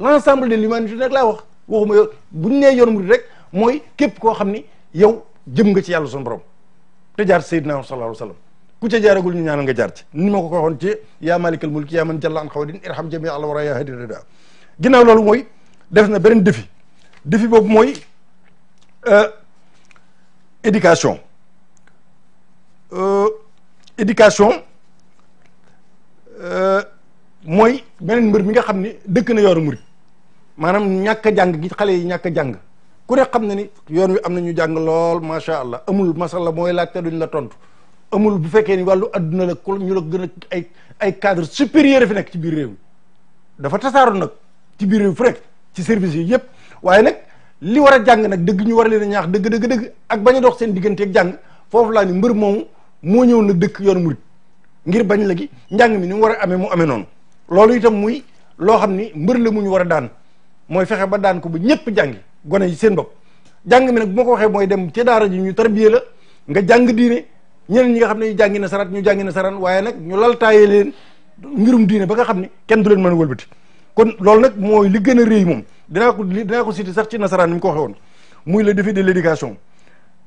l' ensemble de l'humanité nag laa wax waxuma yoon bu ñu nee yoon murid rek mooy képp koo xam ni yow jëm nga ci yàlla suñu borom te jaar sayyidina sallallahu alayhi wa sallam ku ca jaaragul ñu ñaanal nga jaar ci ni ma ko ko waxoon ci yaa malikal mulki yaa man jalla an xawadin irham jami al a yaa hadi rida ginnaaw loolu mooy def na beneen defi défi boobu mooy euh, éducation euh, éducation euh, mooy beneen mbir mi nga xam ni dëkk na yooru murid maanaam ñàkk a jàng gi xale yi ñàkk a jàng ku ne xam na ni yoon wi am na ñu jàng lool macha allah amul masala mooy laajte duñ la tontu amul bu fekkee ni wàllu adduna la ku ñu la gën a ay ay cadre supérieur fi nekk ci biir réew dafa tasaaru nag ci biir réew fu nekk ci service yi yëpp waaye nag li war a jàng nag dëgg ñu war a leen a ñaax dëgg dëgg dëgg ak bañ dox seen digganteeg jàng foofu laa ni mbër moomu moo ñëw nag dëkk yoonu murit ngir bañ la gi njàng mi ni war a amee mu amee noonu loolu itam muy loo xam ni mbër la mu ñu war a daan mooy fexe ba daan ko ba ñëpp jàngi gone yi seen bopp jàng mi nag moo ko waxee mooy dem ci daara ji ñu tarbiye la nga jàng diine ñeneen ñi nga xam ne ñu jàngi na saraat ñu jàngi na saraan waaye nag ñu laltaaye leen ngirum diine ba nga xam ne kenn du leen man a wëlbati kon loolu nag mooy li gën a réy moom dinaa ko dinaa ko cité sax ci nasaraan ni mu ko waxee woon muy le défi de l'éducation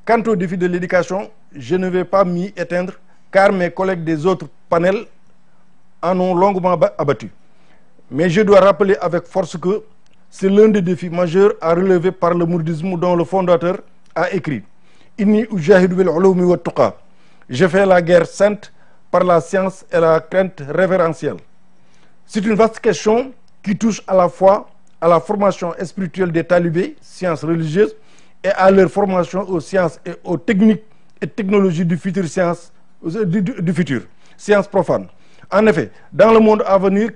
quant au défi de l'éducation je ne vais pas m'y éteindre car mes collègues des autres panels en ont longuement abattu mais je dois rappeler avec force que C'est l'un des défis majeurs à relever par le mouridisme dont le fondateur a écrit Inni ujahidu bil ulumi wa tuqa. Je fais la guerre sainte par la science et la crainte révérentielle. C'est une vaste question qui touche à la fois à la formation spirituelle des talibés, sciences religieuses, et à leur formation aux sciences et aux techniques et technologies du futur science euh, du, du, du futur, sciences En effet, dans le monde à venir,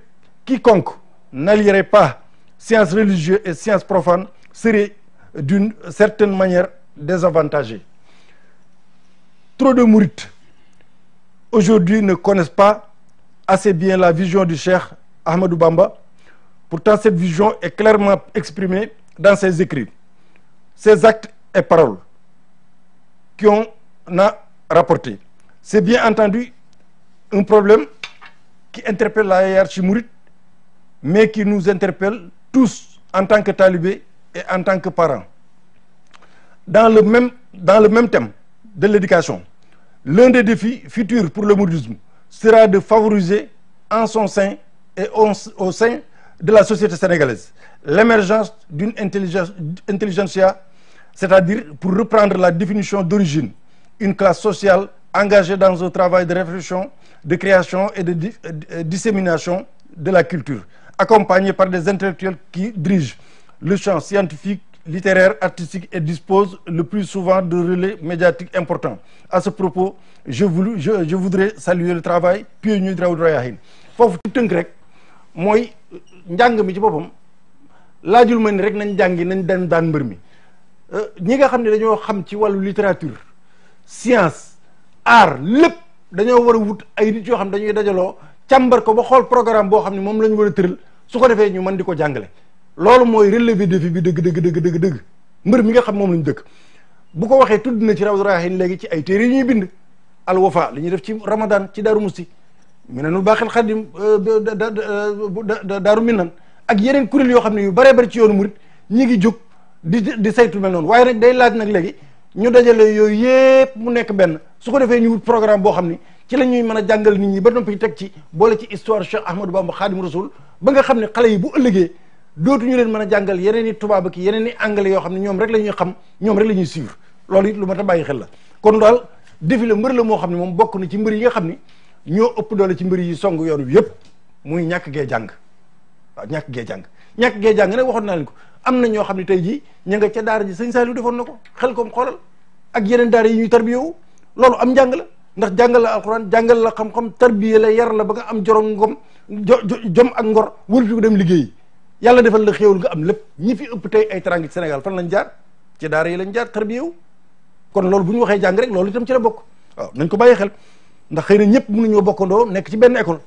quiconque n'allierait pas sciences religieuses et sciences profane seraient d'une certaine manière désavantagées. Trop de mourides aujourd'hui ne connaissent pas assez bien la vision du cheikh Ahmadou Bamba. Pourtant, cette vision est clairement exprimée dans ses écrits, ses actes et paroles qu'on a rapportés. C'est bien entendu un problème qui interpelle la hiérarchie mouride, mais qui nous interpelle tous en tant que talibé et en tant que parent dans le même dans le même thème de l'éducation l'un des défis futurs pour le mouridisme sera de favoriser en son sein et au sein de la société sénégalaise l'émergence d'une intelligence intelligentsia c'est-à-dire pour reprendre la définition d'origine une classe sociale engagée dans un travail de réflexion de création et de euh, dissémination de la culture accompagné par des intellectuels qui dirigent le champ scientifique, littéraire, artistique et dispose le plus souvent de relais médiatiques important À ce propos, je, voulu, je, je voudrais saluer ñuy travail pionnier Daouda Rayahin foofu ci tënk rek mooy euh, njàng mi ci boppam laajul ma ni rek nañ jàngi nañ daan daan mbër mi euh, ñi nga xam ne dañoo xam ci wàllu littérature science art lépp dañoo war a wut ay nit yoo xam dañuy dajaloo càmbar ko ba xool programme boo xam ne moom la ñu war a tëral su ko defee ñu mën di ko jàngale loolu mooy relevé défi bi dëgg dëgg dëgg dëgg dëgg mbër mi nga xam moom la ñu dëkk bu ko waxee tudd na ci Rawdu Rayaahiin léegi ci ay téere ñuy bind al wafa li ñuy def ci ramadan ci daaru musti minanul baaxil xadim euh, daaru minan ak yeneen kuréel yoo xam ne yu baree bari ci yoonu murit ñi ngi jóg di di saytu mel noonu waaye nag day laaj nag léegi ñu dajale yooyu yépp mu nekk benn su ko defee ñu programme boo xam ni ci la ñuy mën a jàngal nit ñi ba noppi teg ci boole ci histoire Cheikh Ahmadou Bamba Khadim Rasoul ba nga xam ne xale yi bu ëllëgee dootuñu leen mën a jàngal yeneen i tubaab ak yeneen i anglais yoo xam ne ñoom rek la ñuy xam ñoom rek la ñuy loolu it lu mat a bàyyi xel la kon daal défilé mbër la moo xam ne moom bokk na ci mbër yi nga xam ne ñoo ëpp doole ci mbër yi song yoon wi yëpp muy ñàkk gee jàng waaw ñàkk gee ñàkk gee jàng nag waxoon naa leen ko am na ñoo xam ne tey jii ña nga ca daara ji sëñ Saliou defoon na ko xel koom xoolal ak yeneen daara yi ñuy tarbiyewu loolu am njàng la ndax jàngal la alquran jàngal la xam-xam tarbiya la yar la ba nga am jorom ngom jo jom ak ngor wëlfi ko dem liggéey yàlla defal la xéewal nga am lépp ñi fi ëpp tey ay teraanga ci Sénégal fan lañ jaar ci daar yi lañ jaar tarbiya wu kon loolu bu ñu waxee jàng loolu itam ci bokk waaw ko bàyyi xel ndax xëy na ñëpp mënuñoo bokkandoo nekk ci benn école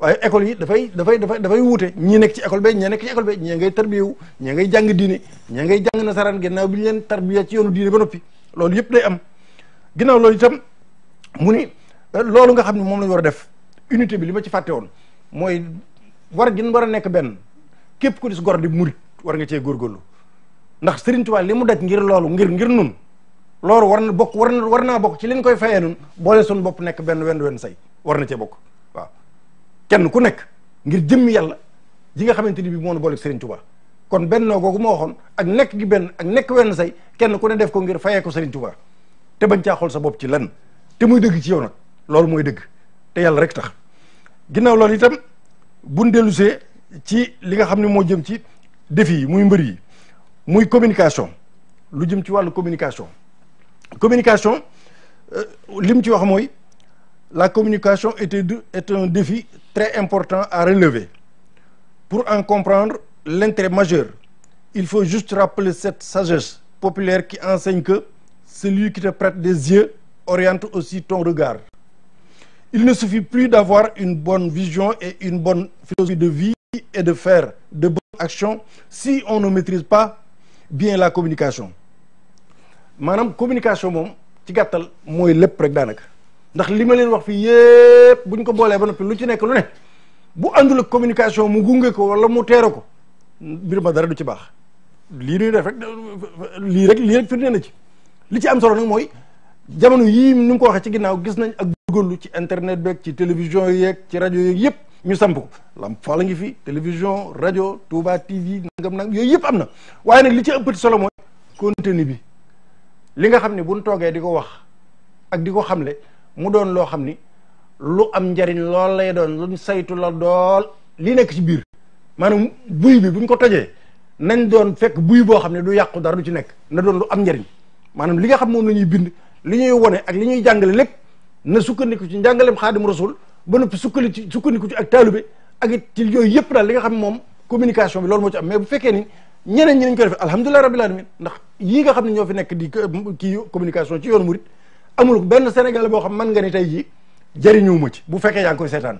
waaye école yi dafay dafay dafay dafay wuute ñii nekk ci école ba ñee nekk ci école ba ñee ngay tarbiyewu ñee ngay jàng diine ñee ngay jàng nasaraan gannaaw bi ñu leen tarbiya ci yoonu diine ba noppi loolu yëpp day am ginnaaw loolu itam mu ni euh, loolu nga xam ne moom la war a def unité bi li ma ci fàtte woon mooy war gin war a nekk benn képp ku dis goro di murit war nga cee góorgóorlu ndax Serigne Touba li mu daj ngir loolu ngir ngir nun loolu war na bokk war war naa bokk ci liñ koy fayee nun boole suñu bopp nekk benn wenn wenn say war na cee bokk waaw kenn ku nekk ngir jëmm yàlla ji nga xamante ni bii moo nu boole Serigne Touba kon bennoo googu ma waxoon ak nekk gi benn ak nekk wenn say kenn ku ne def ko ngir fayee ko Serigne Touba te bañ caa xool sa bopp ci lenn te muy dëgg ci yow nag loolu mooy dëgg te yàlla rek tax ginnaaw loolu itam bun dellusee ci li nga xam ne moo jëm ci défi yi muy mbër yi muy communication lu jëm ci wàllu communication communication euh, li mu ci wax mooy la communication était est un défi très important à relever pour en comprendre l'intérêt majeur il faut juste rappeler cette sagesse populaire qui enseigne que celui qui te prête des yeux oriente aussi ton regard. Il ne suffit plus d'avoir une bonne vision et une bonne philosophie de vie et de faire de bonnes action si on ne maîtrise pas bien la communication. maanaam communication moom ci gàttal mooy lépp rek daanaka ndax li ma leen wax fii yépp buñ ko boolee ba noppi lu ci nekk lu ne bu àndul ak communication mu gunge ko wala mu teere ko mbir ma dara du ci baax lii ñuy def rek lii rek lii rek firnde na ci li ci am solo nag mooy jamono yii ni mu ko waxee ci ginnaaw gis nañ ak dugalu ci internet beeg ci télévision yeeg ci rajo yeeg yëpp ñu samp ko lam la ngi fi télévision rajo Touba TV nangam nag yooyu yëpp am na waaye nag li ci ëppati solo mooy contenu bi li nga xam ne buñ toogee di ko wax ak di ko xamle mu doon loo xam ni lu am njariñ lool lay doon luñ saytu la dool li nekk ci biir maanaam buy bi buñ ko tojee nañ doon fekk buy boo xam ne du yàqu dara du ci nekk na doon lu am njariñ maanaam li nga xam moom la ñuy bind li ñuy wone ak li ñuy jàngale lépp na sukkandiku ci njàngaleem xaadim rasul ba noppi sukkali ci sukkandiku ci ak taalube ak it ci yooyu yëpp daal li nga xam moom communication bi loolu moo ci am mais bu fekkee ni ñeneen ñi nañ koy def alhamdulilah rabbil alamin yii nga xam ne ñoo fi nekk di kii communication ci yoonu murit amul benn sénégalais boo xam man nga ni tey jii jëriñu ma ci bu fekkee yaa ngi koy seetaan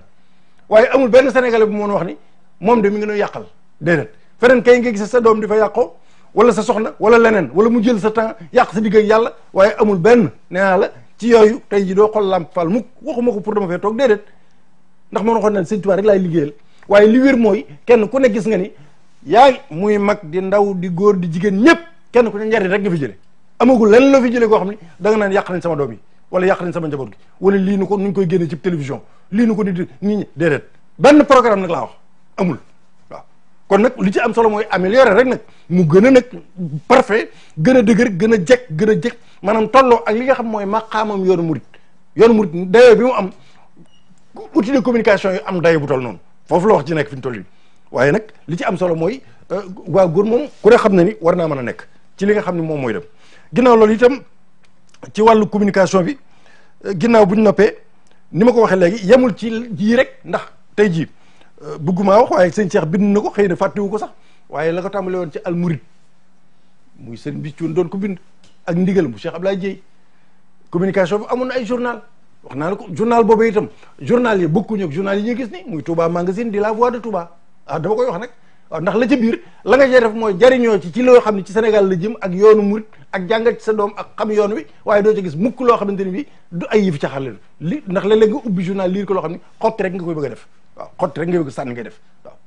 waaye amul benn sénégale sénégalais bu moon wax ni moom de mi ngi nuy yàqal déedéet feneen kay nga gis sa doom di fa yàqoo wala sa soxna wala leneen wala mu jël sa temps yàq sa digg ak yàlla waaye amul benn nee la ci yooyu tey ji doo xool Lamp Fall mukk waxuma ko pour dama fee toog déedéet ndax man waxoon na Sëñ Tuubaa rek laay liggéeyal waaye li wér mooy kenn ku ne gis nga ni yaa muy mag di ndaw di góor di jigéen ñëpp kenn ku ne njariñ rek nga fi jële amagul lenn loo fi jëlee koo xam ne da nga naan yàq nañ sama doom yi wala yàq nañ sama njaboot gi wala lii nu ko nuñ koy génne ci télévision lii nu ko di nit ñi déedéet benn programme nag laa wax amul kon nag li ci am solo mooy améliorer rek nag mu gën a nag parfait gën a dëgër gën a jekk gën a jekk maanaam tolloo ak li nga xam mooy maqaamam yoonu murit yoonu murit dayoo bi mu am outil de communication yi am dayo bu toll noonu foofu la wax ci nekk fi ñu toll yi waaye nag li ci am solo mooy euh, waa góor moom ku ne xam na ni war naa mën a nekk ci li nga xam ne moom mooy dem ginnaw loolu itam ci wàllu communication bi euh, ginnaaw bu ñu noppee ni ma ko waxee léegi yemul ci yii rek ndax tey jii bëggumaa wax waaye sëñ Cheikh bind na ko xëy na fàttewu ko sax waaye la ko tàmbale woon ci almurid muy sëñ bi cuun doon ko bind ak ndigal bu Cheikh Abdoulaye Dieye communication bi amoon na ay journal wax naa la ko journal boobu itam journal yi bokkuñu ak yi ñu gis ni muy Touba magazine di la voix de Touba a ah, dama koy wax na waaw ah, ndax la ca biir la nga cee def mooy jariñoo ci ci loo xam ne ci Sénégal la jëm ak yoonu murit ak jàngat sa doom ak xam yoon wi waaye doo ci gis mukk loo xamante ni bi du ay yëf caxar li ndax léeg-léeg ubbi journal liir ko loo xam ne rek nga koy bëgg def waaw xotti rek nga bëgg sànni ngay def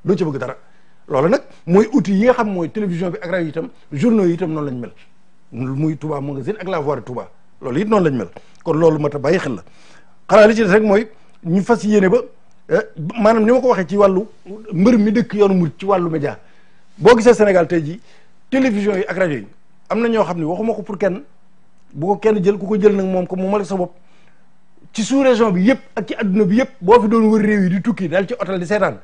waaw ci bëgg dara loolu nag mooy outil yi nga xam mooy télévision bi ak rajo itam journaux yi itam noon lañ mel muy tubaa Touba magazine ak la voix de Touba loolu it noon lañ mel kon loolu mat a bàyyi xel la xanaa li ci des rek mooy ñu fas yéene ba eh, maanaam ni ma ko waxee ci wàllu mbër mi dëkk yoonu murit ci wàllu média boo gisee Sénégal tey ji télévision yi ak rajo yi am na ñoo xam ne waxuma ko pour kenn bu ko kenn jël ku ko jël nag moom ko mu mal sa bopp ci sous région bi yëpp ak ci àdduna bi yëpp boo fi doon wër réew yi di tukki dal ci hôtel di seetaan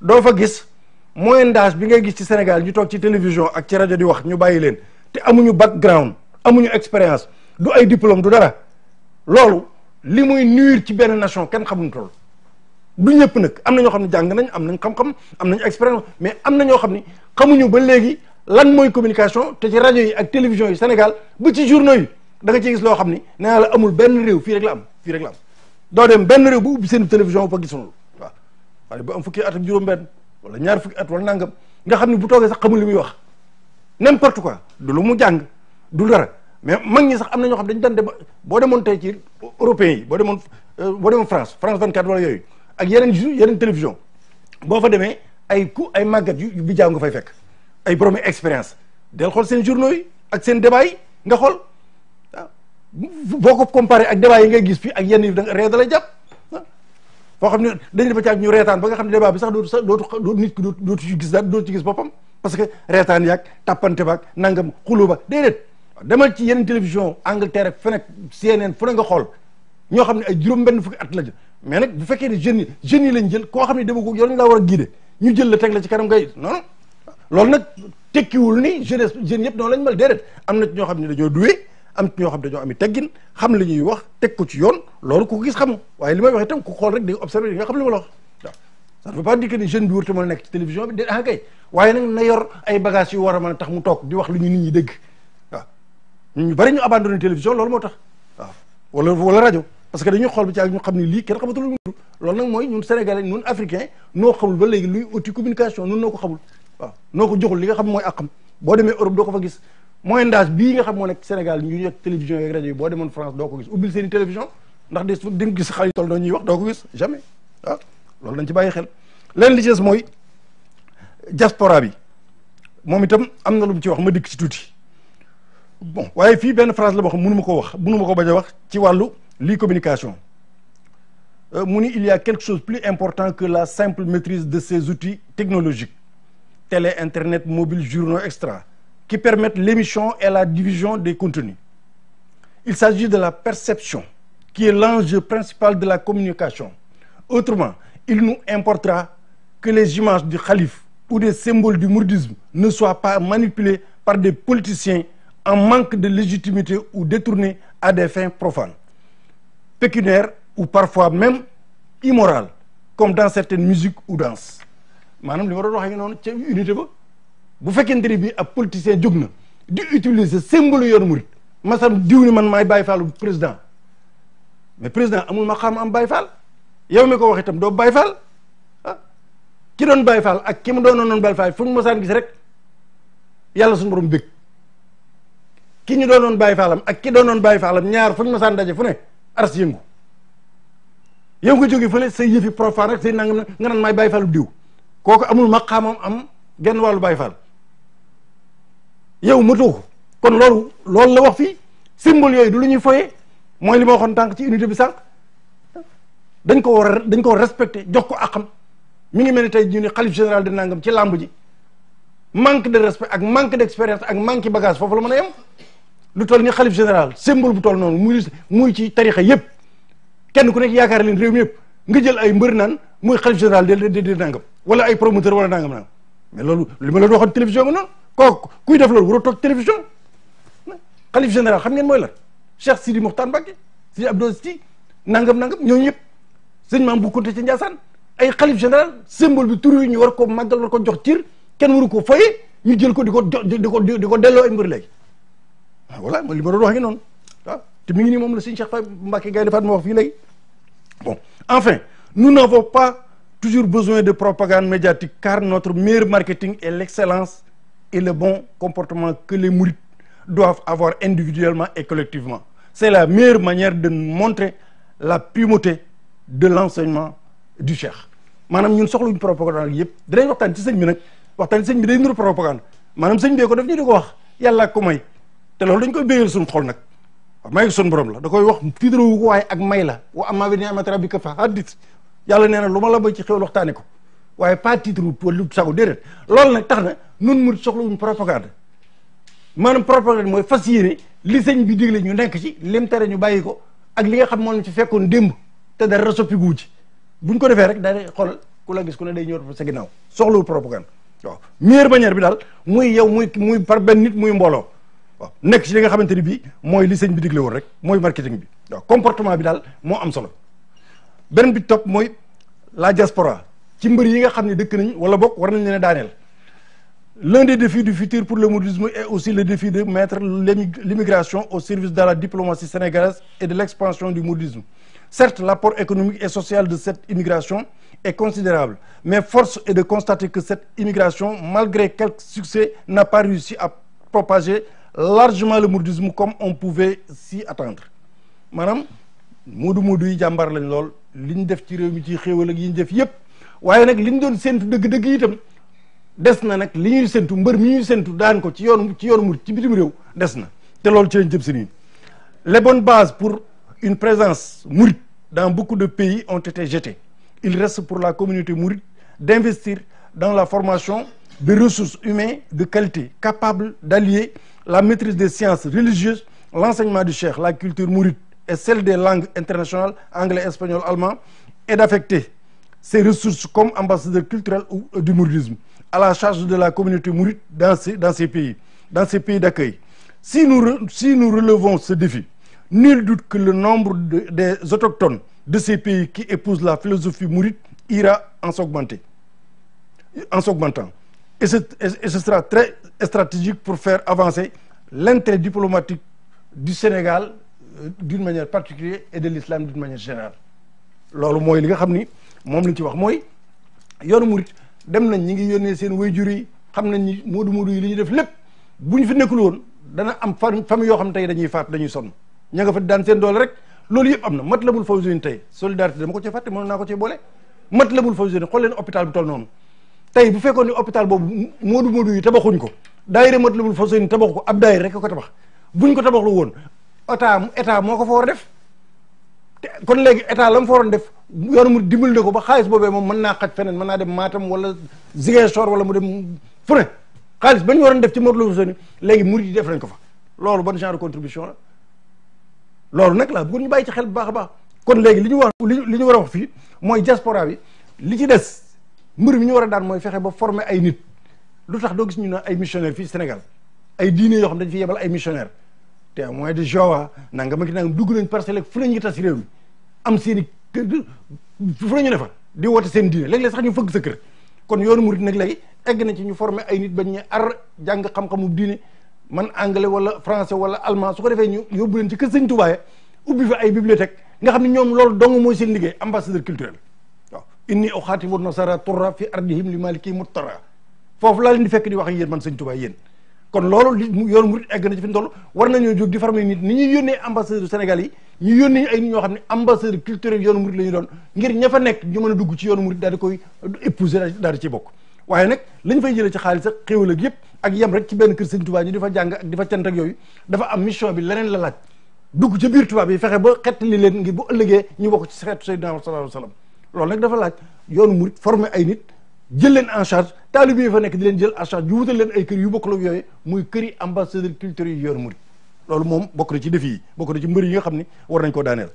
doo fa gis moyen d'âge bi ngay gis ci Sénégal ñu toog ci télévision ak ci rajo di wax ñu bàyyi leen te amuñu background amuñu expérience du ay diplôme du dara loolu li muy nuire ci benn nation kenn xamuñu toll du ñëpp nag am na ñoo xam ne jàng nañ am nañ xam-xam am nañ expérience mais am na ñoo xam ne xamuñu ba léegi lan mooy communication te ci rajo yi ak télévision yi Sénégal ba ci journaux yi da nga ciy xam ni naa la amul benn réew fii rek la am. fii rek la doo dem benn réew bu seen télévision fa gisul waaw waaye ba am fukki at juróom-benn wala ñaar fukki at wala nangam nga xam ne bu toogee sax xamul li muy wax n'importe quoi du lu mu jàng du dara mais mag ñi sax am na ñoo xam dañu daan dem boo demoon tey ci européens yi boo demoon euh, boo demoon France France 24 wala yooyu ak yeneen yeneen télévision boo fa demee ay ku ay màggat yu bi bijaaw nga fay fekk ay borom expérience del xool seen journaux ak seen débat yi xool. boo ko comparé ak débat yi ngay gis fii ak yenn yi da nga ree jàpp foo xam ne dañu dafa caag ñu reetaan ba nga xam ne débat bi sax dootu sax dootu nit ki dootu ci gis daal dootu gis boppam parce que reetaan yaag tàppante baag nangam xulu ba déedéet demal ci yeneen télévision Angleterre ak feneen CNN fu ne nga xool ñoo xam ne ay juróom-benn fukki at la jël mais nag bu fekkee ne jeunes yi yi lañ jël ko xam ne dama ko yow war a guider ñu jël la teg la ci kanam ngay non loolu nag tekkiwul ni jeunesse jeunes yëpp noonu lañ mel déedéet am na ñoo xam ne dañoo duwee am ci ñoo xam dañoo ami teggin xam li ñuy wax teg ko ci yoon loolu ku ko gis xamu waaye li may wax itam ku xool rek di observé di nga xam ma la wax waaw ne veut pas dire que ni jeune bi a ah, a mën a tax mu toog di wax lu ñu nit ñi dégg waaw ñu bari ñu loolu moo tax waaw wala wala rajo parce que dañuy xool bi ci ak ñu xam ne lii kenn xamatul lu ñu loolu nag mooy ñun sénégalais ñun africain noo xamul ba léegi luy outil communication ñun noo ko xamul noo ko joxul li nga xam mooy àqam boo demee Europe doo ko fa gis moyen d'âge bii nga xam moo nekk Sénégal ñu nekk télévision yeeg rajo yi boo demoon France doo ko gis ubbil seen i télévision ndax des di nga gis xale yu toll noonu wax doo ko gis jamais loolu dañ ci bàyyi xel leen li ci mooy diaspora bi moom itam am na lu mu ci wax ma dikk ci tuuti bon waaye fii benn phrase la boo xam mënu ko wax mënu ma ko bañ a wax ci wàllu lii communication euh, mu ni il y quelque chose plus important que la simple maîtrise de ces outils technologiques télé internet mobile journaux extra qui permettent l'émission et la division des contenus. Il s'agit de la perception, qui est l'enjeu principal de la communication. Autrement, il nous importera que les images du khalife ou des symboles du mouridisme ne soient pas manipulées par des politiciens en manque de légitimité ou détournées à des fins profanes, pécuniaires ou parfois même immorales, comme dans certaines musiques ou danses. li ma noonu unité ba. bu fekkente ne bii ab politicien jóg na di utiliser symbole yoonu murit masam diw ni man maay Baye Fallu président mais président amul ma xam am Baye yow mi ko wax itam doo Baye Fall ah ki doon ak ki mu doonoon noon Baye Fall fu ñu mosaan gis rek yàlla su borom bég ki ñu doonoon Baye Fallam ak noon doonoon Baye Fallam ñaar fu ñu mosaan daje fu ne ars yëngu yow nga jóge fële say yëfi profane rek say nangam nga naan maay Baye Fallu diw kooku amul ma xam am genn wàllu Baye yow matoo ko kon loolu loolu la wax fii symbole yooyu du lu ñuy foyee mooy li ma waxoon tànk ci unité bi sànq dañ ko war a dañ ko respecté jox ko àqam mi ngi mel ni tey ñu ne xalif général de nangam ci làmb ji manque de respect ak manque d'expérience ak manque bagage foofu la mën a yem lu toll ni xalif général symbole bu toll noonu muy muy ci tarixa yëpp kenn ku nekk yaakaar leen réew mi yëpp nga jël ay mbër naan muy xalif général de de de nangam wala ay promoteur wala nangam nangam mais loolu kooku kuy def loolu war a toog télévision xalif général xam ngeen mooy lan Cheikh Sidi Mokhtar Mbacké Sidi Abdou Sy nangam nangam ñooñu yëpp sëñ maam bu Kunta ci Ndiassane ay xalif général symbole bi tur yi ñu war ko màggal war ko jox cir kenn waru ko foye ñu jël ko di ko di ko ko delloo ay mbir léegi ah, voilà mooy li ma doon wax ngi noonu waaw ah, te mi ngi nii moom la sëñ Cheikh Faye Mbacké Gaïndé Fatma wax fii léegi bon enfin nous n'avons pas toujours besoin de propagande médiatique car notre meilleur marketing est et le bon comportement que les mourides doivent avoir individuellement et collectivement. C'est la meilleure manière de montrer la primauté de l'enseignement du cheikh maanaam ñun soxluñ propagande yëpp dinañ waxtaan ci sëñ bi nag waxtaan ci sëñ bi day nuru propagande maanaam sëñ bee ko def ñu di ko wax yàlla ko may te loolu dañ koy béyal suñu xol nag waaw may son borom la da koy wax tiitaroo ko waaye ak may la wa ammaa bi ni'mati rabbika fa haddis yàlla nee na lu ma la ci xéwal waxtaane ko waaye pas titre wala sago déedéet loolu nag tax na nun mu soxlawuñ propagande maanaam propagande mooy fas yéene li sëñ bi digle ñu nekk ci lim tere ñu bàyyi ko ak li nga xam moo ci fekkoon démb te dara ku ci buñ ko defee rek daal xoolal ku la gis ku ne day ñëw sa ginnaaw soxlawul propagande waaw meilleure manière bi daal muy yow muy muy par benn nit muy mbooloo waaw nekk ci li nga xamante ni bii mooy li bi digle woon rek mooy marketing bi waaw comportement bi daal moo am solo beneen bi topp mooy la diaspora ci mbër yi nga xam ne dëkk nañ wala bokk war nañ leen a daaneel l'un des défis du futur pour le mouridisme est aussi le défi de mettre l'immigration au service de la diplomatie sénégalaise et de l'expansion du mouridisme certes l'apport économique et social de cette immigration est considérable mais force et de constater que cette immigration malgré quelques succès n'a pas réussi à propager largement le mouridisme comme on pouvait s'y attendre maanaam moodu moodu yi jàmbaar lañ lool li ñu def ci réew mi ci xéewal yi ñu def yépp waaye nag liñ doon séntu dëgg-dëgg itam des na nag li ñuy séntu mbër mi ñuy séntu daan ko ci yoonu ci yoonu mur ci bitim réew des na te loolu ci lañ jëm si nii les bonnes pour une présence mouride dans beaucoup de pays ont été jetées il reste pour la communauté mouride d'investir dans la formation de ressources humaines de qualité capable d'allier la maîtrise des sciences religieuses l'enseignement du cheikh la culture mouride et celle des langues internationales anglais espagnol allemand et d'affecter ses ressources comme ambassadeur culturel euh, du mouridisme à la charge de la communauté mouride dans ces, dans ces pays, dans ces pays d'accueil. Si nous, si nous relevons ce défi, nul doute que le nombre des autochtones de ces pays qui épousent la philosophie mouride ira en s'augmenter, en s'augmentant. Et, et, et ce sera très stratégique pour faire avancer l'intérêt diplomatique du Sénégal euh, d'une manière particulière et de l'islam d'une manière générale loolu mooy li nga xam ni moom lañ ci wax mooy yoonu murit dem nañ ñi ngi yónnee seen wayjur yi xam nañ ni moodu moodu yi li ñu def lépp bu ñu fi nekkul woon dana am famille yoo xam ne tey dañuy faat dañuy sonn ña nga fa daan seen doole rek loolu yëpp am na Matlabul Fawzayni tey solidarité dama ko ci fàtte mënoon naa ko ci boole Matlabul Fawzayni xool leen hôpital bu toll noonu tey bu fekkoon ne hôpital boobu moodu moodu yi tabaxuñ ko daayira Matlabul Fawzayni tabaxu ko ab daayira rek ko tabax buñ ko tabaxlu woon état état moo ko fa a def te kon léegi état la mu fa def yoonu mu dimbali na ko ba xaalis boobee moom mën naa xaj feneen mën naa dem Matam wala Ziguinchor wala mu dem fu ne xaalis ba ñu waroon def ci moorloo Louvre Soni léegi murid yi def nañ ko fa loolu ban genre contribution la loolu nag la bëggoon ñu bàyyi ci xel bu baax a baax kon léegi li ñu wax li ñu war a wax fii mooy diaspora bi li ci des mbir mi ñu war a daan mooy fexe ba former ay nit lu tax doo gis ñu naa ay missionnaire fii Sénégal ay diine yoo xam dañ fi yebal ay missionnaire témoin de Jéhovah nanga ma ki naanga dugg nañ parcelle fu nañ ngi tas réew mi am seen fu la ñu ne fa di woote seen diine léeg-léeg sax ñu fëgg sa kër kon yoonu murid nag léegi egg na ci ñu former ay nit bañ ñu ar jàng xam-xamu diine man anglais wala français wala allemand su ko defee ñu yóbbu leen ci kër sëñ Tuubaa ubbi fi ay bibliothèque nga xam ne ñoom loolu dong mooy seen liggéey ambassadeur culturel waaw inni uxaatibu nasara turra fi ardihim li kii muttara foofu laa leen di fekk di wax ak man sëñ Tuubaa yéen kon loolu li mu murid egg na ci fi mu toll war nañoo jóg di former nit ni ñuy yónnee ambassadeur Sénégal yi ñu yónnee nit ñoo xam ne ambassadeur culturel yoonu murid la ñu doon ngir ña fa nekk ñu mën a dugg ci yoonu murid daal di koy épouser daal di ci bokk waaye nag lañ fay jëlee ci xaalisa ak xéwal ak yëpp ak yem rek ci benn kër sëñ Tuubaa ñu di fa jàng ak di fa cant ak yooyu dafa am mission bi leneen la laaj dugg ca biir tubaab yi fexe ba xettali leen ngir bu ëllëgee ñu bokk ci xeetu Seydina sallallahu alayhi wa sallam dafa laaj yoonu murid former ay nit jël leen en charge taalibe fa nekk di leen jël en charge yu wutal leen ay kër yu bokkul ak yooyu muy këri ambassadeur culture yi yor murid loolu moom bokk na ci défi yi bokk na ci mbër yi nga xam ni war nañ koo daaneel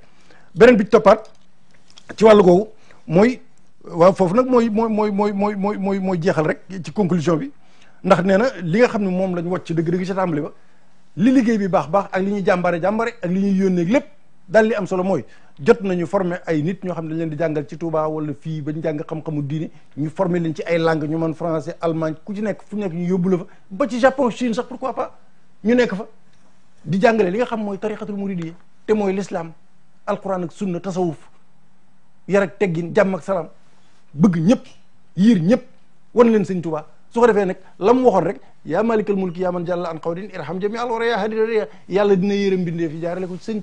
beneen bi toppaat ci wàllu googu mooy waaw foofu nag mooy mooy mooy mooy mooy mooy mooy mooy jeexal rek ci conclusion bi ndax nee na li nga xam ne moom lañ wàcc ci dëgg-dëgg ci tàmbali ba li liggéey bi baax baax ak li ñuy jàmbare jàmbare ak li ñuy yónnee lépp daal li am solo mooy jot nañu formé ay nit ñoo xam ne dañ leen di jàngal ci Touba wala fii bañ jàng xam-xamu diine ñu formé leen ci ay langue ñu man français allemagne ku ci nekk fu nekk ñu yóbbu la fa ba ci Japon Chine sax pourquoi pas ñu nekk fa di jàngale li nga xam mooy tariqatul muridiyya te mooy l'islam alquran ak sunna tasawuf yar ak teggin jàmm ak salaam bëgg ñëpp yiir ñëpp wan leen sëñ Touba su ko defee nag la mu waxoon rek yaa malikal mulki yaa man jàlla an xawdin irham jami al wara yaa hadira jaarale ko ci sëñ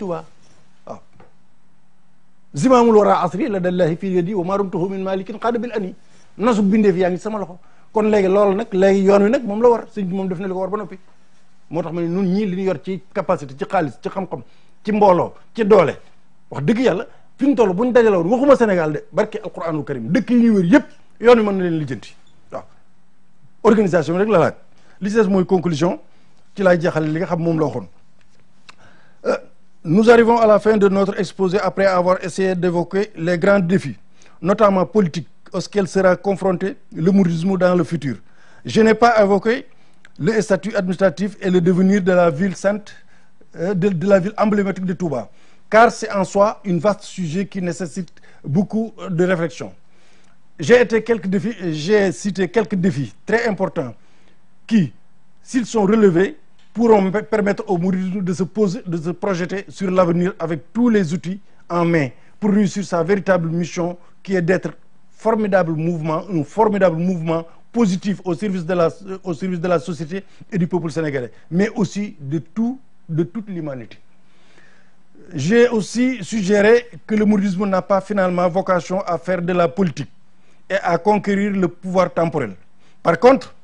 zimaamul wara asri la dallahi fi yadi wa maarumtuhu min malikin xaada bil ani nasub bindeef yaa ngi sama loxo kon léegi loolu nag léegi yoon nag moom la war sëñ bi moom def na li ko war ba noppi moo tax ma ne nun ñii li ñu yor ci capacité ci xaalis ci xam-xam ci mbooloo ci doole wax dëgg yàlla fi mu toll bu ñu dajaloon waxuma Sénégal de barke alquranul karim dëkk yi ñuy wër yëpp yoon wi mën na leen lijjanti waaw organisation bi rek la laaj li ci mooy conclusion ci laay jeexale li nga xam moom la Nous arrivons à la fin de notre exposé après avoir essayé d'évoquer les grands défis, notamment politiques, auxquels sera confronté le mouridisme dans le futur. Je n'ai pas évoqué le statut administratif et le devenir de la ville sainte, euh, de, de la ville de Touba, car c'est en soi un vaste sujet qui nécessite beaucoup de réflexion. J'ai été quelques défis, j'ai cité quelques défis très importants qui, s'ils sont relevés, pour permettre aux Mouridisme de se poser, de se projeter sur l'avenir avec tous les outils en main pour réussir sa véritable mission qui est d'être formidable mouvement, un formidable mouvement positif au service de la, au service de la société et du peuple sénégalais, mais aussi de tout, de toute l'humanité. J'ai aussi suggéré que le mouridisme n'a pas finalement vocation à faire de la politique et à conquérir le pouvoir temporel. Par contre,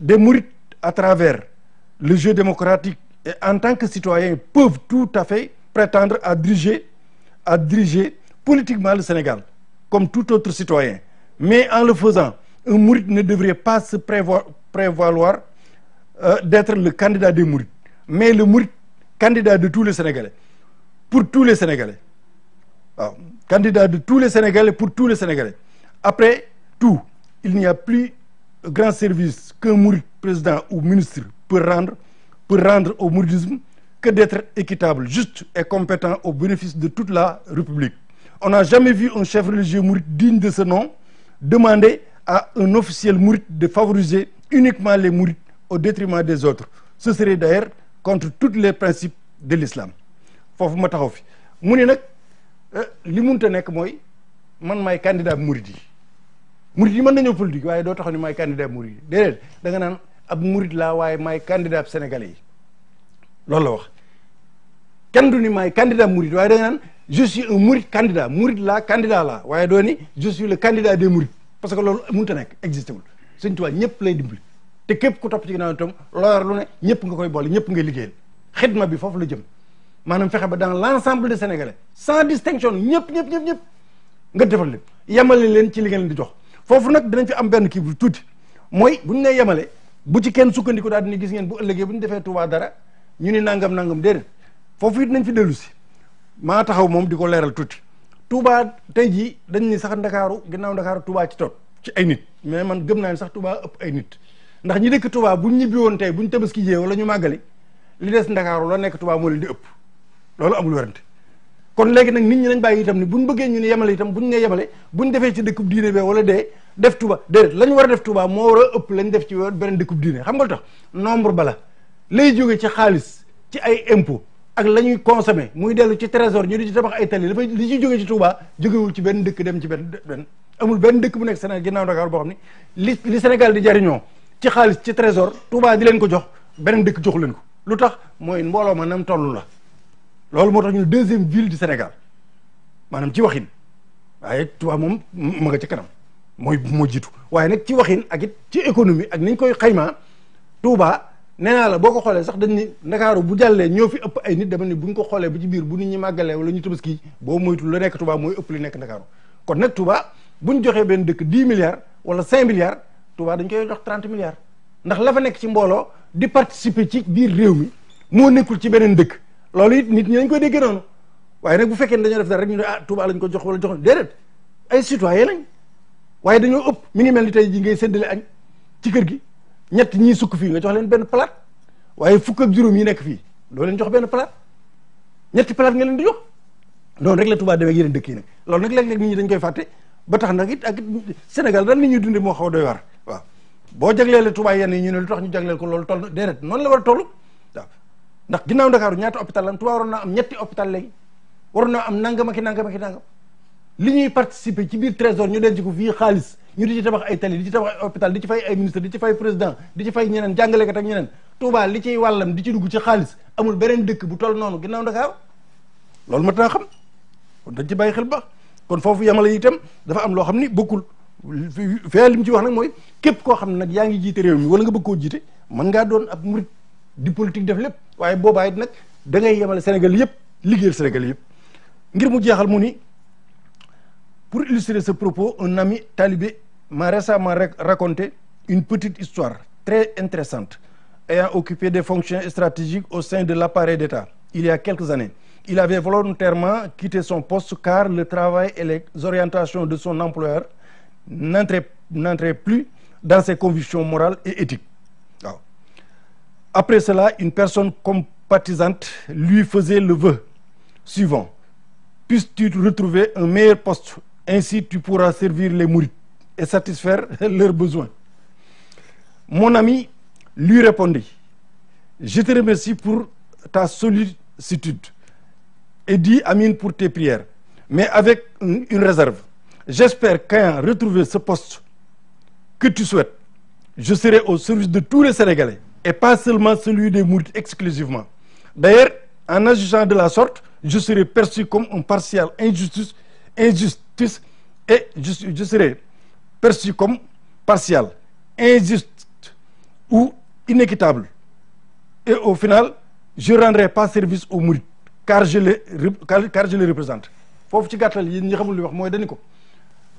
des mourides à travers le jeu démocratique et en tant que citoyen peuvent tout à fait prétendre à diriger à diriger politiquement le Sénégal comme tout autre citoyen mais en le faisant un mouride ne devrait pas se prévoir, prévaloir euh, d'être le candidat des mourides mais le mouride candidat de tous les Sénégalais pour tous les Sénégalais waaw candidat de tous les Sénégalais pour tous les Sénégalais après tout il n'y a plus grand service qu'un mouride président ou ministre peut rendre peut rendre au mouridisme que d'être équitable, juste et compétent au bénéfice de toute la République. On n'a jamais vu un chef religieux mouride digne de ce nom demander à un officiel mouride de favoriser uniquement les mourides au détriment des autres. Ce serait d'ailleurs contre tous les principes de l'islam. foofu ma taxaw fi mu ne nag euh, li munta nekk mooy man maay candidat mouride yi mouride yi mën nañoo politique waaye doo taxaw may maay candidat mouride yi déedéet da ab murit laa waaye maay candidat loolu la wax kenn ni maay candidat murit waaye da nga naan je suis un murit candidat murit laa waaye doo ni je suis le des murit parce que loolu mënut a nekk existé wul sëñ Tuubaa ñëpp lay dimbali te képp ku topp ci naa itam looyar lu ne ñëpp nga koy boole ñëpp ngay liggéeyal xidma bi foofu la jëm maanaam fexe ba dans l' ensemble des sénégalais sans distinction ñëpp ñëpp ñëpp ñëpp nga defal leen yemale leen ci li nga di jox foofu nag dinañ fi am benn kii bu tuuti mooy bu ñu nee yemale bu ci kenn sukkandiku daal dina gis ngeen bu ëllëgee bu ñu defee Touba dara ñu ni nangam nangam déedéet foofu it nañ fi dellu si maa taxaw moom di ko leeral tuuti Touba tey jii dañ ni sax ndakaaru ginnaaw ndakaaru Touba ci tot ci ay nit mais man gëm naa sax Touba ëpp ay nit ndax ñi dëkk Touba buñ ñibbi woon bu tey buñ ki jee wala ñu màggali li des ndakaaru la nekk Touba moo leen di ëpp loolu amul werante kon léegi nag nit ñi nañ bàyyi itam ni ñu bëggee ñu ne yemale itam buñ ne yemale buñ defee ci dëkk diine bee wala dee def Touba déedéet la ñu war a def Touba moo war a ëpp lañ def ci beneen dëkkub diine xam nga lu tax nombre bala lay jóge ci xaalis ci ay impôt ak la ñuy consommé muy dellu ci trésor ñu di ci tabax ay tali dafay li ci jóge ci Touba jógewul ci benn dëkk dem ci benn benn amul benn dëkk bu nekk Sénégal ginnaaw Dakar boo xam ni li li Sénégal di jariñoo ci xaalis ci trésor Touba di leen ko jox beneen dëkk joxu leen ko lu tax mooy mbooloo ma nam toll la loolu moo tax ñu deuxième ville du Sénégal maanaam ci waxin waaye Touba moom ma nga ci kanam mooy moo jiitu waaye nag ci waxin ak it ci économie ak niñ koy xaymaa Touba nee naa la boo ko xoolee sax dañ ni Ndakaaru bu jallee ñoo fi ëpp ay nit dama bu ñu ko xoolee bu ci biir bu nit ñi màggalee wala ñu tabaski boo moytu la nekk Touba mooy ëpp li nekk Ndakaaru kon nag Touba buñ joxee benn dëkk 10 milliards wala 5 milliards Touba dañ koy jox 30 milliards ndax lafa nekk ci mbooloo di participer ci biir réew mi moo nekkul ci beneen dëkk loolu it nit ñi dañ koy déggee noonu waaye nag bu fekkee ne dañoo def dara rek ñu ne ah Touba lañ ko jox wala jox déedéet ay citoyen lañ waaye dañoo ëpp mu ngi mel ni tey ji ngay séddale añ ci kër gi ñett ñii sukk fii nga jox leen benn palaat waaye fukk ak juróom yi nekk fii doo leen jox benn palaat ñetti palaat nga leen di jox noonu rek la Tuubaa demee ak yeneen dëkk loolu nag léeg-léeg nit ñi dañ koy fàtte ba tax nag it ak Sénégal daal nit ñuy dunde moo xaw doy war waaw boo jagleele Tuubaa yenn yi ñu ne lu tax ñu jagleel ko loolu toll déedéet noonu la war a toll waaw ndax ginnaaw Ndakaaru ñaata hôpital la am Tuubaa waroon naa am ñetti hôpital léegi waroon naa am nangam ak i li ñuy participer ci biir trésor ñu denc ko fii xaalis ñu di ci tabax ay tali di ci tabax ay hôpital di ci fay ay ministre di ci fay président di ci fay ñeneen jàngalekat ak ñeneen Touba li ciy wàllam di ci dugg ci xaalis amul beneen dëkk bu toll noonu ginnaaw Ndakaaru loolu mat naa xam kon dañ ci bàyyi xel ba kon foofu yamale itam dafa am loo xam ni bokkul fee li mu ci wax nag mooy képp koo xam ne nag yaa ngi jiite réew mi wala nga bëgg koo jiite ngaa doon ab murit di politique def lépp waaye boobaa it nag da yemale Sénégal yëpp liggéeyal Sénégal yëpp ngir mu jeexal mu ni pour illustrer ce propos un ami talibé m'a récemment raconté une petite histoire très intéressante ayant occupé des fonctions stratégiques au sein de l'appareil d'État il y a quelques années il avait volontairement quitté son poste car le travail et les orientations de son employeur n'entraient plus dans ses convictions morales et éthiques waaw après cela une personne compatissante lui faisait le vœu suivant puisses-tu retrouver un meilleur poste Ainsi, tu pourras servir les mourides et satisfaire leur besoins. Mon ami lui répondit, je te remercie pour ta sollicitude et dis amine pour tes prières, mais avec une réserve. J'espère qu'ayant retrouvé ce poste que tu souhaites, je serai au service de tous les Sénégalais et pas seulement celui des Mourides exclusivement. D'ailleurs, en agissant de la sorte, je serai perçu comme un partial injustice injustice et juste je serai perçu comme partial injuste ou inéquitable et au final je rendrai pas service au mourides car je les car, car je les représente foofu ci gàttal yéen ñi xamul li wax mooy dañu ko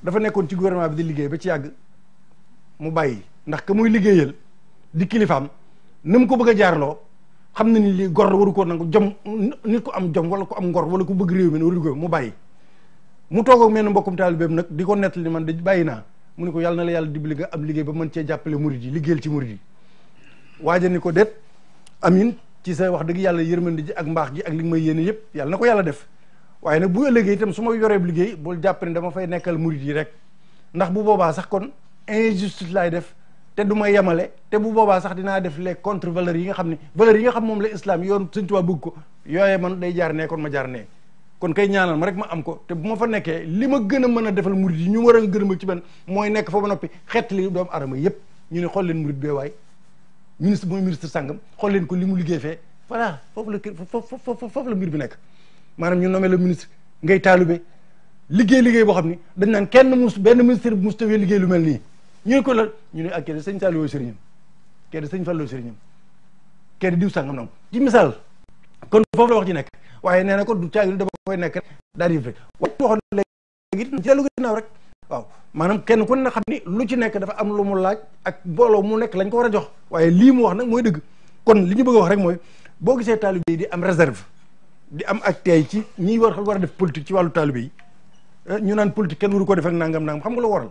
dafa nekkoon ci gouvernement bi di liggéey ba ci yàgg mu bay ndax que muy liggéeyal di kilifaam ni mu ko bëgg a jaarloo na ni lii gor waru ko nangu jom nit ko am jom wala ko am ngor wala ku bëgg réew mi waru ko mu bàyyi mu toog ak menn mbokkum taalibeem nag di ko nettali man da bàyyi naa mu ne ko yàlla na la yàlla dimbali nga am liggéey ba mën cee jàppale murid yi liggéeyal ci murid yi waaja ni ko déet amin ci sa wax dëgg yàlla yërmande ji ak mbaax gi ak li nga may yéene yëpp yàlla ko yàlla def waaye nag bu ëllëgee itam su ma yoreeb liggéey bul jàpp ne dama fay nekkal murid yi rek ndax bu boobaa sax kon injustice laay def te du ma yemale te bu boobaa sax dinaa def les contre valeurs yi nga xam ne valeurs yi nga xam moom la islam yoon Sëñ Tuubaa bëgg ko yooye man day jaar nee ma jaar nee kon kay ñaanal ma rek ma am ko te bu ma fa nekkee li ma gën a mën a defal murid yi ñu war a gërëmal ci benn mooy nekk fa ba noppi xeet li doomu aadama yëpp ñu ne xool leen murid bee waay ministre mooy ministre sàngam xool leen ko li mu liggéey fee voilà foofu la foofu la mbir bi nekk maanaam ñu nommé le ministre ngay taalube liggéey liggéey boo xam ni dañ naan kenn mus benn ministre bu mus tawee liggéey lu mel nii ñu ne ko la ñu ne ak ah kee de sëñ Saliou sëriñam kee de sëñ Fallou sëriñam kee de diw sàngam noonu ci misaal kon foofu la wax nekk waaye nee na ko du caagin dama koy nekk rek daal di rek waaye waxoon léegi rek waaw maanaam kenn ku ne xam ni lu ci nekk dafa am lu mu laaj ak mbooloo mu nekk lañ ko war a jox waaye lii mu wax nag mooy dëgg kon li ñu bëgg a wax rek mooy boo gisee taalibe yi di am réserve di am ak tey ci ñiy war war a def politique ci wàllu taalibe yi eh, ñu naan politique kenn waru ko def ak nangam nangam xam nga lu waral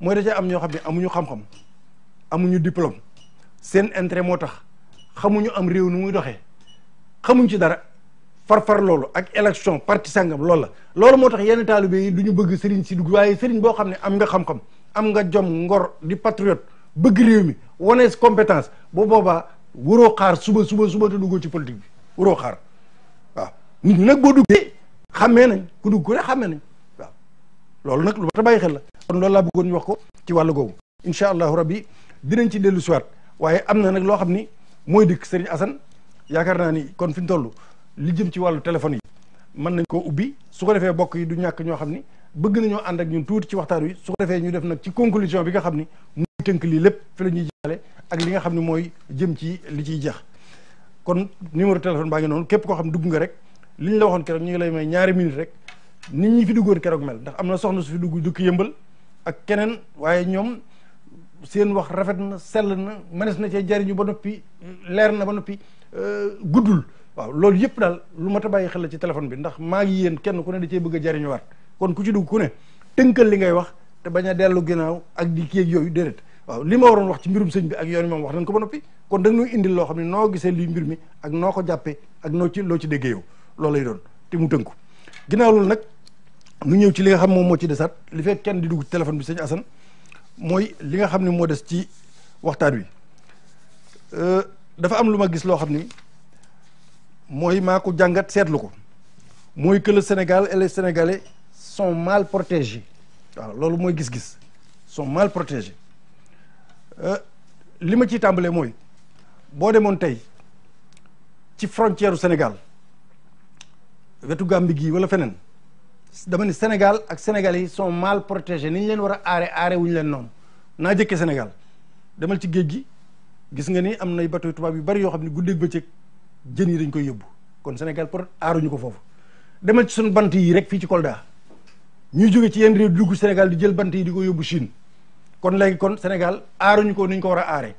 mooy da am ñoo xam ne amuñu xam-xam amuñu diplôme seen intérêt moo tax xamuñu am réew nu muy doxe xamuñ ci dara. farfar loolu ak élection parti sangam loolu la loolu moo tax yenn taalu yi du ñu bëgg sëriñ si dugg waaye sëriñ boo xam ne am nga xam-xam am nga jom ngor di patriote bëgg réew wane compétence boo boobaa waroo xaar suba suba suba te duggoo ci politique bi waroo xaar waaw nit ñi nag boo duggee xammee nañ ku dugg ko rek xammee nañ waaw loolu nag lu mat a bàyyi xel la kon loolu laa bëggoon ñu wax ko ci wàllu googu incha allahu rabbi dinañ ci dellu siwaat waaye am na nag loo xam ni mooy dikk sëriñ Assane yaakaar naa ni kon fi ñu toll li jëm ci wàllu téléphone yi mën nañ koo ubbi su ko defee bokk yi du ñàkk ñoo xam ni bëgg nañoo ànd ak ñun tuuti ci waxtaan wi su ko defee ñu def nag ci conclusion bi nga xam ni muy tënk lii lépp fi la ñuy jàllale ak li nga xam ni mooy jëm ci li ciy jeex kon numéro téléphone baa ngi noonu képp koo xam dugg nga rek li la waxoon keroog ñu ngi lay may ñaari minute rek nit ñi fi duggoon keroog mel ndax am na soxna su fi dugg dukki yëmbal ak keneen waaye ñoom seen wax rafet na sell na mënees na cee jariñu ba noppi leer na ba noppi euh, guddul waaw loolu yëpp daal lu mat a xella xel ci téléphone bi ndax maa ngi yéen kenn ku ne da cee bëgg a waat kon ku ci dugg ku ne tënkal li ngay wax te bañ a dellu ginnaaw ak di kii ak yooyu déedéet waaw li ma waroon wax ci mbirum sëñ bi ak yoon moom wax nañ ko ba noppi kon da nga indil xam ne noo gisee lii mbir mi ak noo ko jàppee ak noo ci loo ci déggee loolu lay doon mu tënku ginnaaw nag nu ñëw ci li nga xam moom moo ci desaat li fekk kenn di dugg ci téléphone bi sëñ Assane mooy li nga xam ne moo des ci waxtaan wi euh, dafa am lu ma gis loo xam ni mooy maa ko jàngat seetlu ko mooy que le Sénégal et les Sénégalais sont mal protégés waaw loolu mooy gis-gis sont mal protégés euh, li ma ciy tàmbalee mooy boo demoon tey ci frontière u Sénégal wetu Gàmbi gii wala feneen dama ni Sénégal ak Sénégalais yi sont mal protégés ni ñu leen war a aare aare leen noonu naa jëkkee Sénégal demal ci géej gi gis nga ni am nay bateau tubaab yu bari yoo xam ne guddeeg bëccëg jën yi dañ koy yóbbu kon Sénégal peut-être aaruñu ko foofu demal ci suñu bant yi rek fii ci Kolda ñuy jóge ci yenn réew dugg Sénégal di jël bant yi di ko yóbbu Chine kon léegi kon Sénégal aaruñu ko ni ko war a aaree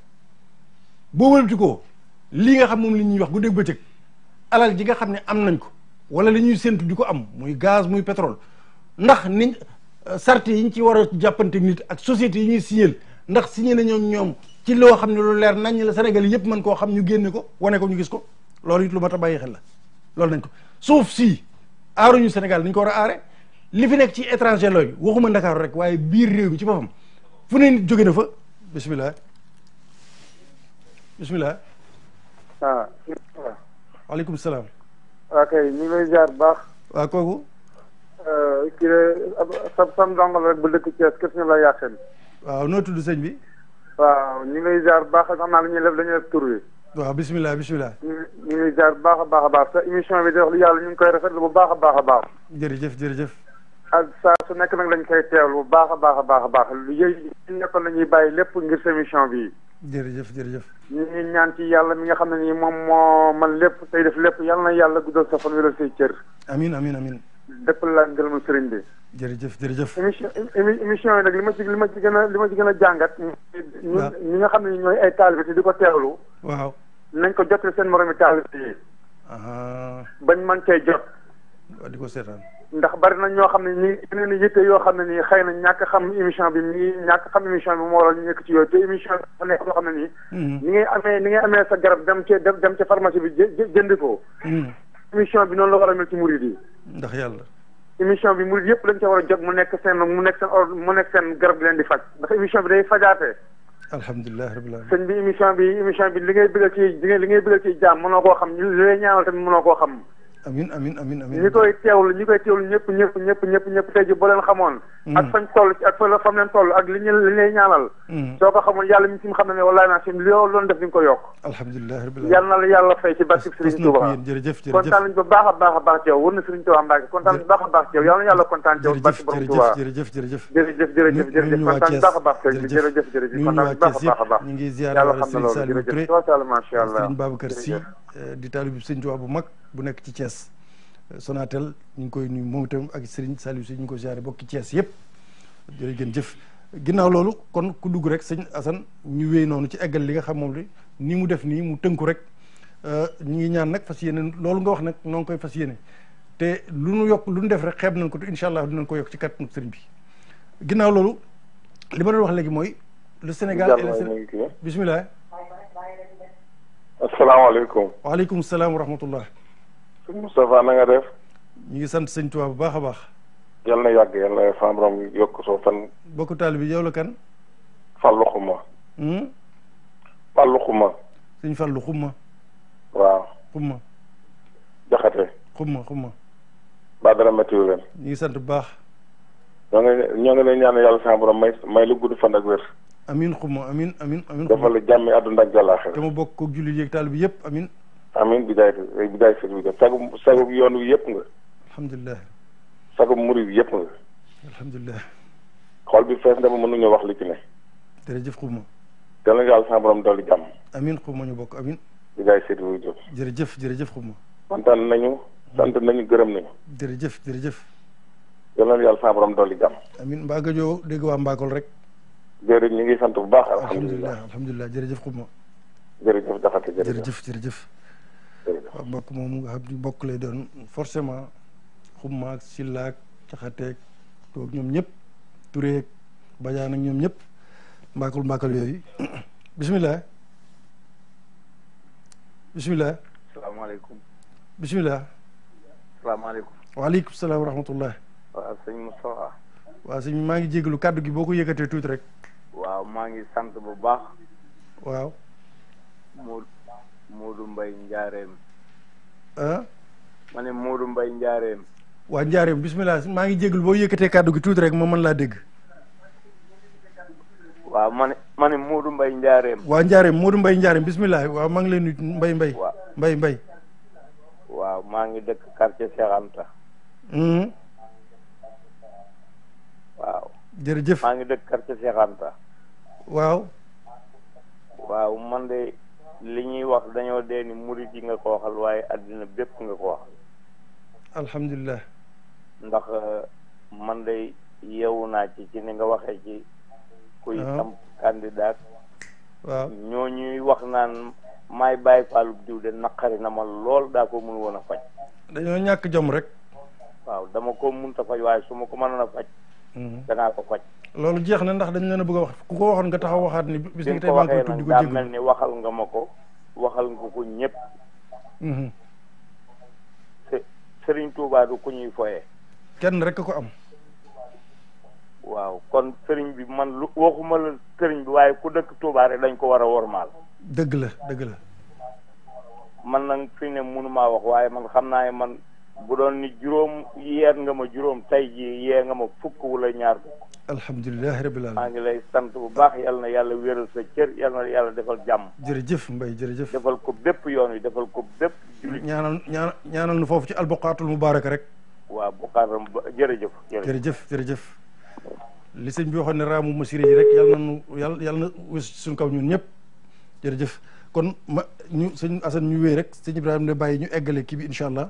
boo ko lii nga xam moom li ñuy wax guddeeg bëccëg alal ji nga xam ne am nañ ko wala li ñuy séntu di ko am muy gaz muy pétrole ndax ni sart euh, yi ñu ci war a jàppante nit ak société yi ñuy signal ndax signé na ñoom ñoom ci loo xam ne lu leer nañ la Sénégal yëpp mën koo xam ñu génne ko wane ko ñu gis ko loolu it lu mat a bàyyi xel la loolu nañ ko sauf si aaruñu Sénégal ni ñu ko war a aare li fi nekk ci étranger looyu waxuma Ndakaaru rek waaye biir réew mi ci boppam fu ne nit na fa bismillah bismillah ah waaleykum salaam waa kay ñu bu baax waa euh, sa sam la bu dëkk Thiès waaw noo tudd sëñ bi waaw ñu lay ziar bu baax xam naa la ñuy def dañuy tur wi waaw bisimilah bisimilah. ñu ngi lay jaar bu baax a baax a baax sa émission bi di wax lu yàlla ñu ngi koy rafetlu bu baax baax a baax. jërëjëf jërëjëf. ak saa su nekk nag lañ koy teewlu bu baax a baax a baax a baax lu yooyu nekkoon nañuy bàyyi lépp ngir sa bi jërëjëf jërëjëf. ñu ngi ñaan ci yàlla mi nga xam ne nii moom moo man lépp tey def lépp yàlla na yàlla guddal sa fan wala say cër. amiin amiin amiin. dëpp laa ngërëmu sëriñ bi. jërëjëf jërëjëf. émission émission yi nag li ma ci li ma ci gën a li ma ci gën a jàngat. mi nga xam ne ñooy ay taalibe te di ko teewlu. waaw. nañ ko jotal seen moromi taalibe yi bañ man cee jot. di ko seetaan. ndax bari nañ ñoo xam ne ñi yeneen yoo xam ne nii xëy na ñàkk xam émission bi ñii ñàkk xam émission bi moo waral nekk ci yooyu te émission bi mhm. amee ni ngay amee sa garab dem ca dem ca pharmacie bi jë jënd ko. Mhm. émission bi noonu a mel ci murid yi. ndax bi murid yëpp lañ ca war a jot mu nekk seen mu nekk seen or nekk seen garab gi leen di faj ndax émission bi day fajaatee. alhamdulilah rabbil alamin sëñ bi émission bi émission bi li ngay bëgg ci li ngay bëgg ci jaam mënoo koo xam ñu li lay ñaanal tamit mënoo koo xam amiin amiin amiin amiin ñi koy teewlu ñi koy teewlu ñëpp ñëpp ñëpp ñëpp ñëpp tey ji boo leen xamoon mm. ak fañ toll ak fa la fam leen toll ak li ñu li lay ñaanal mm. soo ko xamoon yàlla mi ci xam ne ne wallaay naa si loo doon def di nga ko yokk alhamdulilah rabbil yàlla na la yàlla fay ci barke Sëriñ Tuuba jërëjëf jërëjëf kontaan nañu ba baax a baax a baax ci yow wër na Sëriñ Tuuba Mbàkke kontaan nañu baax a baax ci yow yàlla na yàlla kontaan ci yow barke Borom Tuuba jërëjëf jërëjëf jërëjëf jërëjëf jërëjëf kontaan baax a baax ci jërëjëf jërëjëf kontaan baax a baax a baax ñu ngi ziyaar Sëriñ Saliou Touré Sëriñ Babacar Si eh, di taalibu Sëriñ Tuuba bu mag bu nekk ci Thiès euh, Sonatel ñu ngi koy nuyu moom itam ak Serigne Saliou si ñu ngi koy ziare bokk ci Thiès yëpp jërëjëf jëf ginnaaw loolu kon ku dugg rek sëñ Assane ñu wéy noonu ci eggal li nga xam moom li ni mu def nii mu tënku rek euh, ñu ngi ñaan nag fas yéene loolu nga wax nag noo ngi koy fas yéene te lu nu yokk lu nu def rek xeeb nañ ko incha allah dinañ ko yokk ci kàttanu sëriñ bi ginnaaw loolu li ma doon wax léegi mooy le Sénégal bisimilah asalaamaaleykum waaleykum salaam wa sëñ nanga def. ñu ngi sant sëñ Tuubaa bu baax a baax. yal na yàgg yal na fam rom yokk soo fan. bokk taal bi yow la kan. Fallou Xuma. Hmm? Fallou Xuma. sëñ Fallou Xuma. waaw Xuma. Jaxate. Xuma Xuma. ba dara météo leen. ñu ngi sant bu baax. ñoo ngi ñoo ngi lay ñaan yàlla sama borom may may lu gudd fan ak wér. amiin Xuma amiin amiin amiin. dafa la jàmmi àdduna ak jàllaaxira. te mu bokk ko jullit yeeg taal bi yëpp amiin. amiin bidaay bidaay sëriñ bi sagum sagum yoon wi yëpp nga. alhamdulilah. sagum muri bi yëpp nga. alhamdulilah. xool bi fees na ba mënuñoo wax li ci ne. jërëjëf xuma. yal na yàlla sama borom dolli jàmm. amiin xuma ñu bokk amiin. bidaay sëriñ jërëjëf jërëjëf xuma. kontaan nañu. sant nañu gërëm nañu. jërëjëf jërëjëf. yal na yàlla sama borom dolli jàmm. amiin mbaa gëjoo dégg waa Mbakol rek. jërëjëf ñu ngi sant bu baax. alhamdulilah alhamdulilah jërëjëf xuma. jërëjëf Jaxate jërëjëf jërëjëf mbokk moom nga xam ni mbokk lay doon forcément xummaak sillaak caxateeg toog ñoom ñëpp tureeg bajaan ñoom ñëpp mbaakul mbaakal yooyu bisimilah bisimilah salaamaaleykum bisimilah salaamaaleykum waaleykum salaam wa rahmatullah waaw sëñ Moustapha waaw sëñ maa ngi jégalu kàddu gi boo ko yëkkatee tuuti rek waaw maa ngi sant bu baax waaw Modou Modou Mbaye Njaareem ah ma ne Modou Mbaye waa Njaareem bismillah maa ngi jégul boo yëkkatee kàddu gi tuuti rek ma mën laa dégg waaw ma ne mbay ne waa Njaareem Modou mbay Njaareem bismillah waaw maa ngi leen mbay mbay Mbaye mbay mbay hmm. waaw maa ngi dëkk quartier Cheikh Anta waaw jërëjëf maa ngi dëkk quartier Cheikh waaw waaw man de li ñuy wax dañoo dee ni murit yi nga ko waxal waaye àddina bépp nga ko waxal alhamdulilah ndax uh, man de yeewu naa ci ci ni nga waxe ci kuy ah. am candidat waaw ñoo ñuy wax naan maay bàyyi faalub diw de naqari na ma lool daa ko mun woon a faj dañoo ñàkk jom rek waaw dama koo munta faj waaye su ma ko mënoon a faj mm-hmm. danaa ko faj loolu jeex na ndax dañ leen a bëgg a wax ku ko waxoon nga taxaw waxaat ni bis ni tey maa ngi koy tudd mel ni waxal nga ma ko waxal nga ko ñëpp mhm. Sëriñ Tuubaa du ku ñuy foye kenn rek ko am waaw kon sëriñ bi man lu waxuma la sëriñ bi waaye ku dëkk Tuubaa dañ ko war a wormaal dëgg la dëgg la man nag fi ne mënumaa wax waaye man xam naa ne man bu doon ni juróom yeer nga ma juróom tey jii yee nga ma fukk wala ñaar maa ngi lay sant bu baax yal na yàlla wéeral sa cër yàlla defal jàmm. jërëjëf Mbaye jërëjëf. defal ko bépp yoon wi defal ko bépp. jullit ñaanal ñaanal ñaanal nu foofu ci albuqaatul mubaaraka rek. waaw buqaatul mu jërëjëf. jërëjëf jërëjëf. li sëñ bi waxoon ne raamu masiri yi rek yal na nu yal na wés suñu kaw ñun ñëpp jërëjëf kon ma ñu sëñ Assane ñu wéy rek sëñ Ibrahima ne bàyyi ñu eggale kii bi incha allah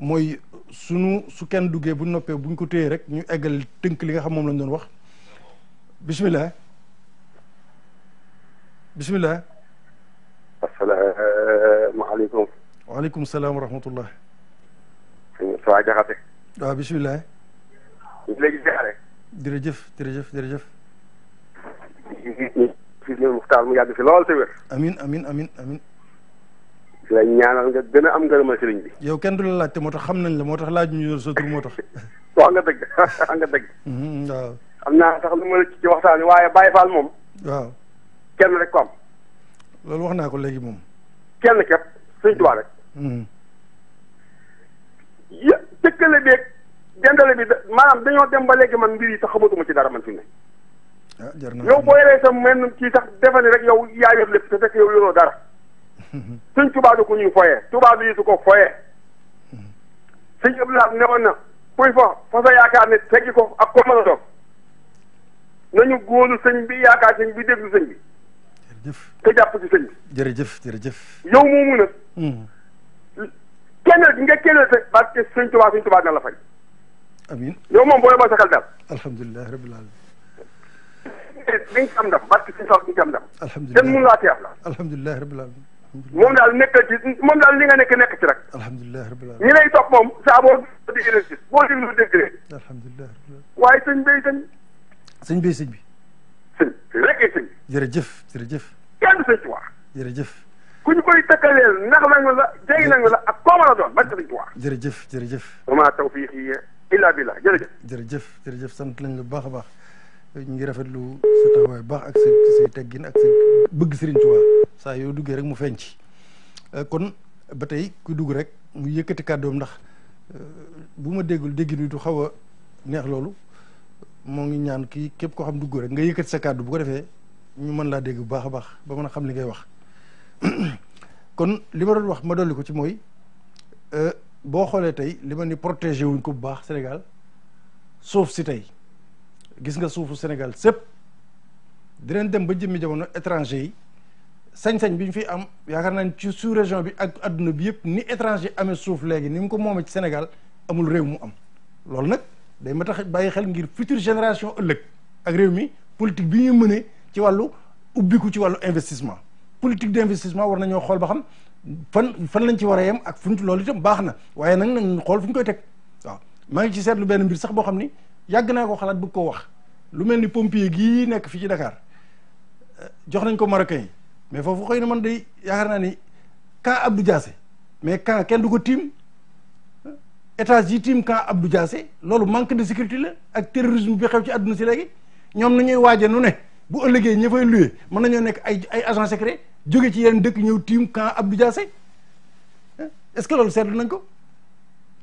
mooy sunu su kenn duggee bu noppee buñ ko téyee rek ñu eggal tënk li nga xam moom lañ doon wax bisimilah bisimilah. asalaamaaleykum. waaleykum salaam wa rahmatullah. sëñ Moustapha Diakhaté. waaw bisimilah. ñu ngi léegi jaare. jërëjëf jërëjëf jërëjëf. fi mu Muxtaar mu yàgg fi lool te amin amin amin di la ñaanal nga gën a am ngërëma sëriñ bi. yow kenn du la laajte moo tax xam nañ la moo tax laaj ñu sa tur moo tax. wax nga dëgg wax nga dëgg. Mm-hmm, waaw. xam naa sax lu ma la ci waxtaanee waaye bàyyi Fall moom. waaw. kenn rek ko am. loolu wax naa ko léegi moom. kenn képp Sëriñ Tuubaa rek. Mm-hmm. yë tëkkale beeg dendale bi maanaam dañoo dem ba léegi man mbir yi sax ci dara man fi mu ne. Ah, yow boo yoree sa mën kii sax defe rek yow yaa yor lépp te fekk yow yoroo dara. sëñ Tuubaa du ko ñuy foyee Tuubaa du yitu ko foyee sëñ Abdoulaye newoon na kuy fo fa sa yaakaar ne teggi ko ak ko mën a doon nañu góolu sëñ bi yaakaar sëñ bi déglu sëñ bi jërëjëf te jàpp ci sëñ bi jërëjëf jërëjëf yow moomu nag hmm. kenn nga kenn te parce que sëñ Tuubaa sëñ Tuubaa dina la fay amiin yow moom booy ma sakal daal alhamdulilah rabbil alamin dañ ci am ndam parce que sëñ Tuubaa dañ ci am ndam alhamdulilah kenn mënu laa teex la alhamdulilah rabbil alamin moom daal nekkal ci moom daal li nga nekk nekk ci rek. alhamdulilah rabbil alamin ñi lay topp moom saa boo waaye sëñ bay sëñ. sëñ bi. sëñ rek sëñ. jërëjëf ku ñu koy tëkkaleel nax nañu la jéggi nañu la ak koo mën a doon barke sëñ Tuubaa. jërëjëf jërëjëf. wa maa tawfiiqi illaa billah jërëjëf. jërëjëf jërëjëf sant nañ la bu baax a baax. ñu ngi rafetlu sa taxawaay baax ak sa say teggin ak si bëgg Sëriñ Tuubaa saa yoo duggee rek mu feeñ ci euh, kon ba tey ku dugg rek mu yëkkati kàddoom ndax euh, bu ma déggul déggin wi du xaw a neex loolu moo ngi ñaan kii képp koo xam dugg rek nga yëkkati sa kàddu bu ko defee ñu mën laa dégg bu baax a baax ba mën a xam li ngay wax kon li ma doon wax ma dolli ko ci mooy euh, boo xoolee tey li ma ni protégé wuñ ko bu baax Sénégal sauf si tey gis nga suufu Sénégal sëpp dinañ dem ba jëmmi jamono étranger yi sañ-sañ bi ñu fi am yaakaar nañ ci sous région bi ak adduna bi yëpp ni étranger amee suuf léegi ni mu ko moomee ci Sénégal amul réew mu am loolu nag day ma tax bàyyi xel ngir future génération ëllëg ak réew mi politique bi ñu mëne ci wàllu ubbiku ci wàllu investissement politique d'investissement war nañoo xool ba xam fan fan lañ ci war a yem ak fuñ loolu itam baax na waaye nag nañ xool fu ñu koy teg waaw maa ngi ci seetlu benn mbir sax boo xam ni yàgg naa ko xalaat bëgg koo wax lu mel ni pompier gii nekk fii ci Dakar eh, jox nañ ko Marocains yi mais foofu xëy na man de yaakaar naa ni camp Abdou Diassé mais camp kenn du ko tiim eh, étage yi tiim camp Abdou Diassé loolu manque de sécurité la ak terrorisme bi xew ci àdduna si léegi ñoom ñuy waaje nu ne bu ëllëgee ña fay luye mën nañoo nekk ay ay agent secret joge ci yeneen dëkk ñëw tiim camp Abdou Diassé eh, est-ce que loolu seetlu nañ ko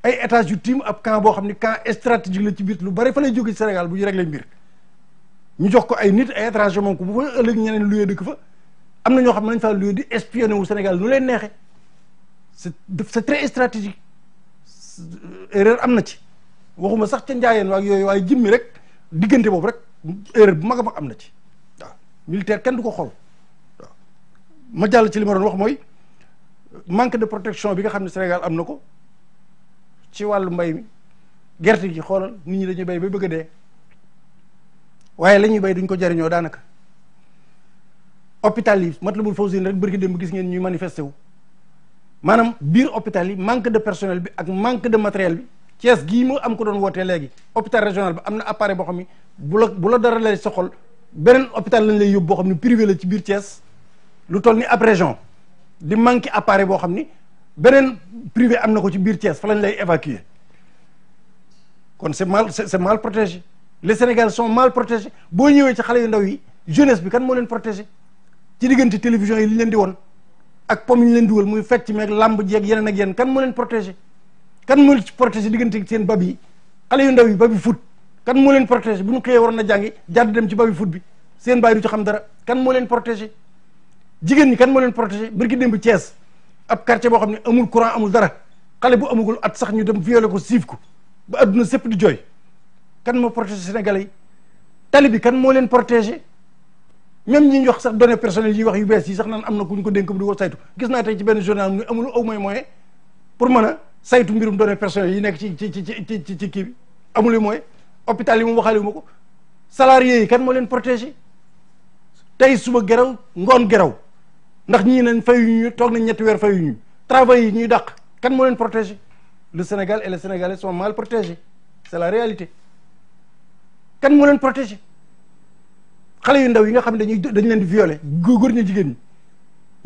ay étage yu tiim ab camp boo xam ne camp stratégique la ci biir lu bari fa lay jóge Sénégal bu ñu réglé ñu jox ko ay nit ay étranger moom ko bu fa ëllëg ñeneen luyee dëkk fa am na ñoo xam ne nañ faa luyee di espionné wu Sénégal nu leen neexee c'est c'est très stratégique erreur am na ci waxuma sax ca njaayeen waag yooyu waaye jëmmi rek diggante boobu rek erreur bu mag a mag am na ci waaw militaire kenn du ko xool waaw jàll ci li ma doon wax mooy manque de protection bi nga xam ne Sénégal am na ko ci wàllu mbay mi gerte gi xoolal nit ñi dañuy bay ba bëgg a dee waaye la ñuy bay duñ ko jariñoo daanaka hôpital yi Matlaboul Fawzeyni rek dem démb gis ngeen ñuy manifesté wu maanaam biir hôpital yi manque de personnel bi ak manque de matériel bi Thiès gi mu am ko doon wootee léegi hôpital régional bi am na appareil boo xam ni bu la bu la dara lay soxal beneen hôpital lañ lay yóbbu boo xam ne privé la ci biir Thiès lu toll ni ab région di manqué appareil boo xam ni beneen privé am na ko ci biir Thiès fa lañ lay évacuer kon c'est mal c'est mal protégé les Sénégalais son mal protégés boo ñëwee ci xale yu ndaw yi jeunesse bi kan moo leen protégé ci diggante télévision yi li leen di woon ak pom yi leen dugal wal muy fecc meeg làmb jeeg yeneen ak yeneen kan moo leen protégé kan moo leen protégé diggante seen bab yi xale yu ndaw yi babi foot kan moo leen protégé bu ñu xëyee waroon na jàngi jàdd dem ci babi foot bi seen bàyyi du ci xam dara kan moo leen protégé jigéen ñi kan moo leen protégé bërki démb Thiès ab quartier boo xam ne amul courant amul dara xale bu amagul at sax ñu dem violé ko siif ko ba adduna sépp di jooy kan moo protéger Sénégalais yi tali kan moo leen protégé même ñi ñu wax sax données personnelles yi wax yu bees yi sax nan am na ku ko dénk bu di ko saytu gis naa tey ci benn journal mu amul aw mooy moyen pour mën a saytu mbirum données personnelles yi nekk ci ci ci ci ci ci kii bi amul mooy hôpital yi mu waxaale ma ko salariés kan moo leen protéger tey suba geraw ngoon geraw ndax ñii nañ fayuñu ñu toog nañ ñetti weer fayuñu ñu travail yi ñuy dàq kan moo leen protégé le Sénégal et les Sénégalais sont mal protégés c'est la réalité kan moo leen protégé xale yu ndaw yi nga xam ne dañuy dañ leen di violer góor ñi jigéen ñi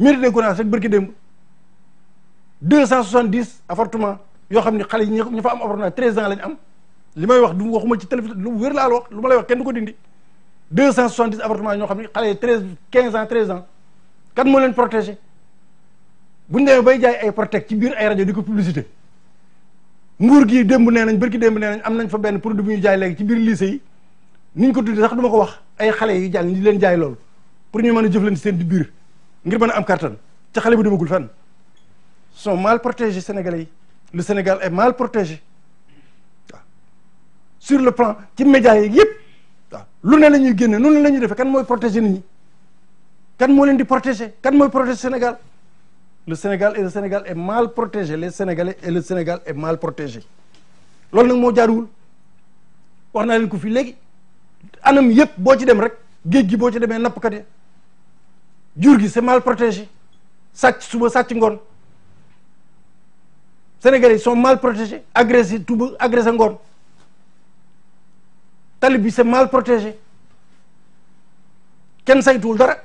mairie de Gonaas rek bërki démb deux cent soixante dix appartement yoo xam ne xale yi fa am appartement treize ans lañ am li may wax du waxuma ci télévision lu wér laa lu ma lay kenn du ko dindi deux cent soixante ñoo xam ne xale yi treize quinze ans treize kan moo leen protégé buñ demee bay jaay ay protect ci biir ay rajo di ko publicité nguur gi démb nee nañ bërki démb nee nañ am nañ fa benn produit bu ñu jaay léegi ci biir lycée yi niñ ko tuddee sax du ko wax ay xale yu jàll ñu leen jaay loolu pour ñu mën a jëflante seen di biir ngir mën a am kattan ci xale bu demagul fen sont mal protégé sénégalais yi lu Sénégal est mal protégé waaw sur le plan ci médias yi yëpp waaw lu ne la ñuy génne noonu la ñuy defe kan mooy protéger nit ñi kan moo leen di protéger kan mooy protéger Sénégal le Sénégal e le Sénégal est mal protégé les Sénégalais et le Sénégal est mal protégé loolu nag moo jaaruwul wax naa leen ko fii léegi anam yëpp boo ci dem rek géej gi boo ci demee nappkat ya jur gi c'est mal protégé sàcc suba sàcc ngoon Sénégalais sont mal protégés agressé tuba agressé ngoon tali bi c'est mal protégé kenn saytuwul dara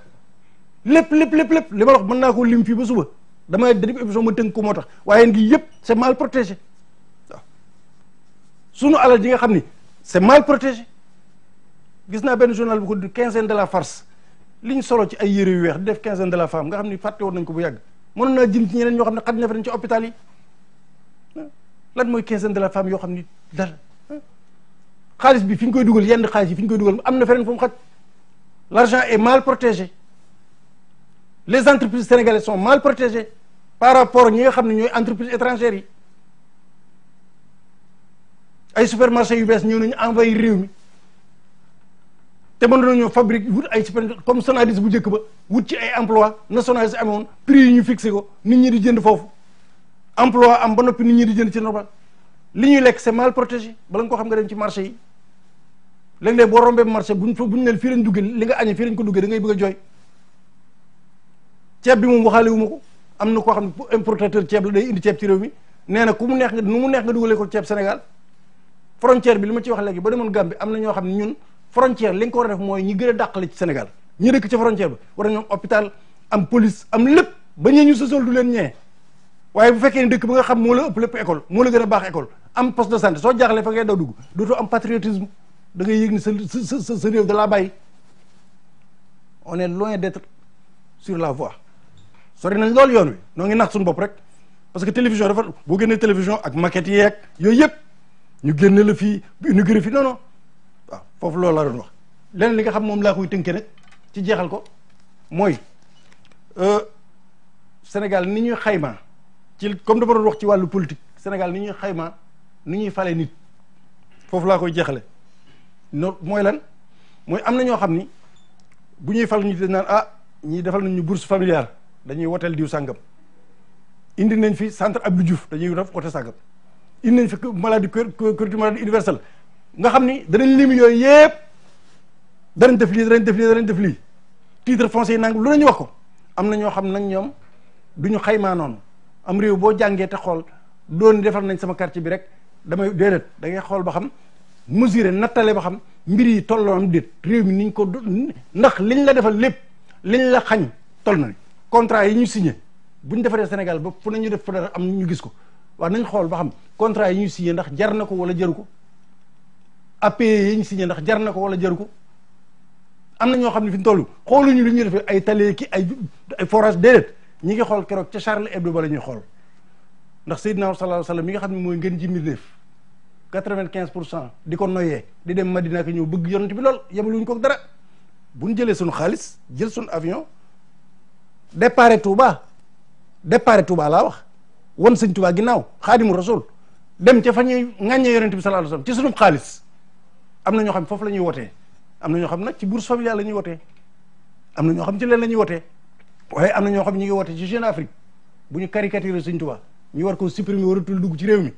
lépp lépp lépp lépp li ma wax naa ko lim fii ba suba damay def émission ma tënk ko moo tax waaye ngi yëpp c'est mal protégé waaw sunu alal ji nga xam ni c'est mal protégé gis na benn journal bu ko du quinzaine de la farce liñ solo ci ay yére yu weex def quinzaine de la femme nga xam ni fàtte woon nañ ko bu yàgg mënoon naa jëm ci ñeneen ñoo xam ne xaj na fa ci hôpital lan mooy quinzaine de la femme yoo xam ni dara xaalis bi fi ñu koy dugal yenn xaalis yi fi ñu koy dugal am na feneen fu mu xaj l'argent est mal les entreprises sénégalaises sont mal protégées par rapport ñi nga xam ne ñooy entreprises étrangères yi ay supermarché yu bees ñëw nañu envahi réew mi te mën nañoo fabrique wut ay super comme Sonadis bu njëkk ba wut ci ay emploi nationales yi amoon prix yi ñu fixé ko nit ñi di jënd foofu emploi am ba noppi nit ñi di jënd ci normal li ñu lekk c'est mal protégé bala nga ko xam nga dem ci marché yi léeg-léeg boo rombee marché buñ fa buñ leen fii li nga ko duggee ngay bëgg a ceeb bi moom waxaale wu ma ko am na koo xam ne importateur ceeb la day indi ceeb ci réew mi nee na ku mu neex nga nu mu neex nga dugalee ko ceeb Sénégal frontière bi li ma ci wax léegi ba demoon Gambie am na ñoo xam ne ñun frontière li war a def mooy ñi gën a dàqale ci Sénégal ñi dëkk ci frontière bi war nañu am hôpital am police am lépp ba ñee ñu sosol du leen ñee waaye bu fekkee ne dëkk bi nga xam moo la ëpp lépp école moo la gën a baax école am poste de santé soo jaaxlee fa ngay daw dugg ngay yëg ni sa sa laa bàyyi on est loin d'être sur la voie sori nañ lool yoon wi noo ngi nax suñu bopp rek parce que télévision dafa boo génnee télévision ak maquette yeeg yooyu yëpp ñu génne la fii inauguré fi non non waaw foofu loolu laa doon wax leneen li xam moom laa koy tënkee nag ci jeexal ko mooy euh, Sénégal ni ñuy xayma ci comme dama doon wax ci wàllu politique Sénégal ni ñuy xayma ni ñuy fale nit foofu laa koy jeexale no mooy lan mooy am na ñoo xam ni bu ñuy fal ñu naan ah ñii defal nañ ñu bourse familiale dañuy woteel diw sàngam indi nañ fi centre Abdou Diouf dañuy def wote sàngam indi nañ fi maladie couverture maladie universelle nga xam ni danañ lim yooyu yëpp danañ def lii danañ def lii danañ def lii titre foncier nangam lu nañu wax ko am na ñoo xam nañ ñoom duñu xaymaa noonu am réew boo jàngee te xool doon defal nañ sama karti bi rek damay déedéet da ngay xool ba xam mesuré nattale ba xam mbir yi tolloo am déet réew mi niñ ko ndax liñ la defal lépp liñ la xañ toll na contrat yi ñu signé bu ñu defaree Sénégal ba fu nañu def fu dara am ñu gis ko waaw nañ xool ba xam contrat yi ñu signé ndax jar na ko wala jaru ko APE yi ñu jar na ko wala jaru ko am na ñoo xam ne fi ñu toll ñu li ñuy def ay tali ki ay ay forage déedéet ñi ngi xool keroog ca Charles Hebdo ba la ñuy xool ndax Seydina naa alayhi wa sallam mi nga xam ne mooy ngeen ji mbindeef quatre-vingt-quinze pour cent di ko noyee di dem Madina ak ñëw bëgg yonent bi lool yemaluñ ko dara bu ñu jëlee suñu xaalis jël suñu avion départ Touba départ Touba laa wax won sëñ Touba ginnaaw xaadimu rasul dem ca fa ñuy ŋàññee yonent bi sallallahu alayhi wasallam ci sunu xaalis am na ñoo xam foofu la ñuy wotee am na ñoo xam nag ci bourse familiale la ñuy wotee am na ñoo xam ci leen la ñuy wotee waaye am na ñoo xam ñu ngi woote ci Jeune Afrique bu ñu caricature sëñ Touba ñu war ko supprimer waratul dugg ci réew mi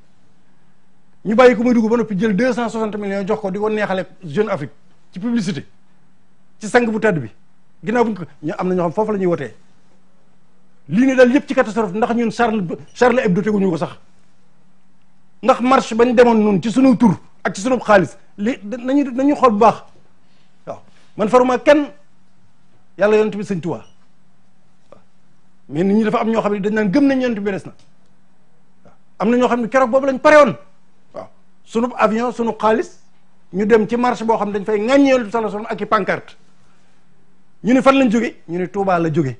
ñu bàyyi ko muy dugg ba noppi jël deux cent soixante millions jox ko di ko neexale Jeune Afrique ci publicité ci sang bu bi ginnaaw buñ ñu am na foofu la ñuy wotee lii ne daal yëpp ci catastrophe ndax ñun Charles Charles Hebdo teguñu ko sax ndax marche bañ demoon nun ci sunu tur ak ci sunu xaalis li nañu nañu xool bu baax waaw man faruma kenn yàlla yonent ti sëñ tuwa mais nit ñi dafa am ñoo xam ne dañ naan gëm nañ yonent bi des na am na ñoo xam ne keroog boobu lañ parewoon waaw sunu avion sunu xaalis ñu dem ci marche boo xam dañ fay ŋàññi yonent bi sallallahu alayhi ak i pancarte ñu ni fan lañ jóge ñu ne Tuubaa la jóge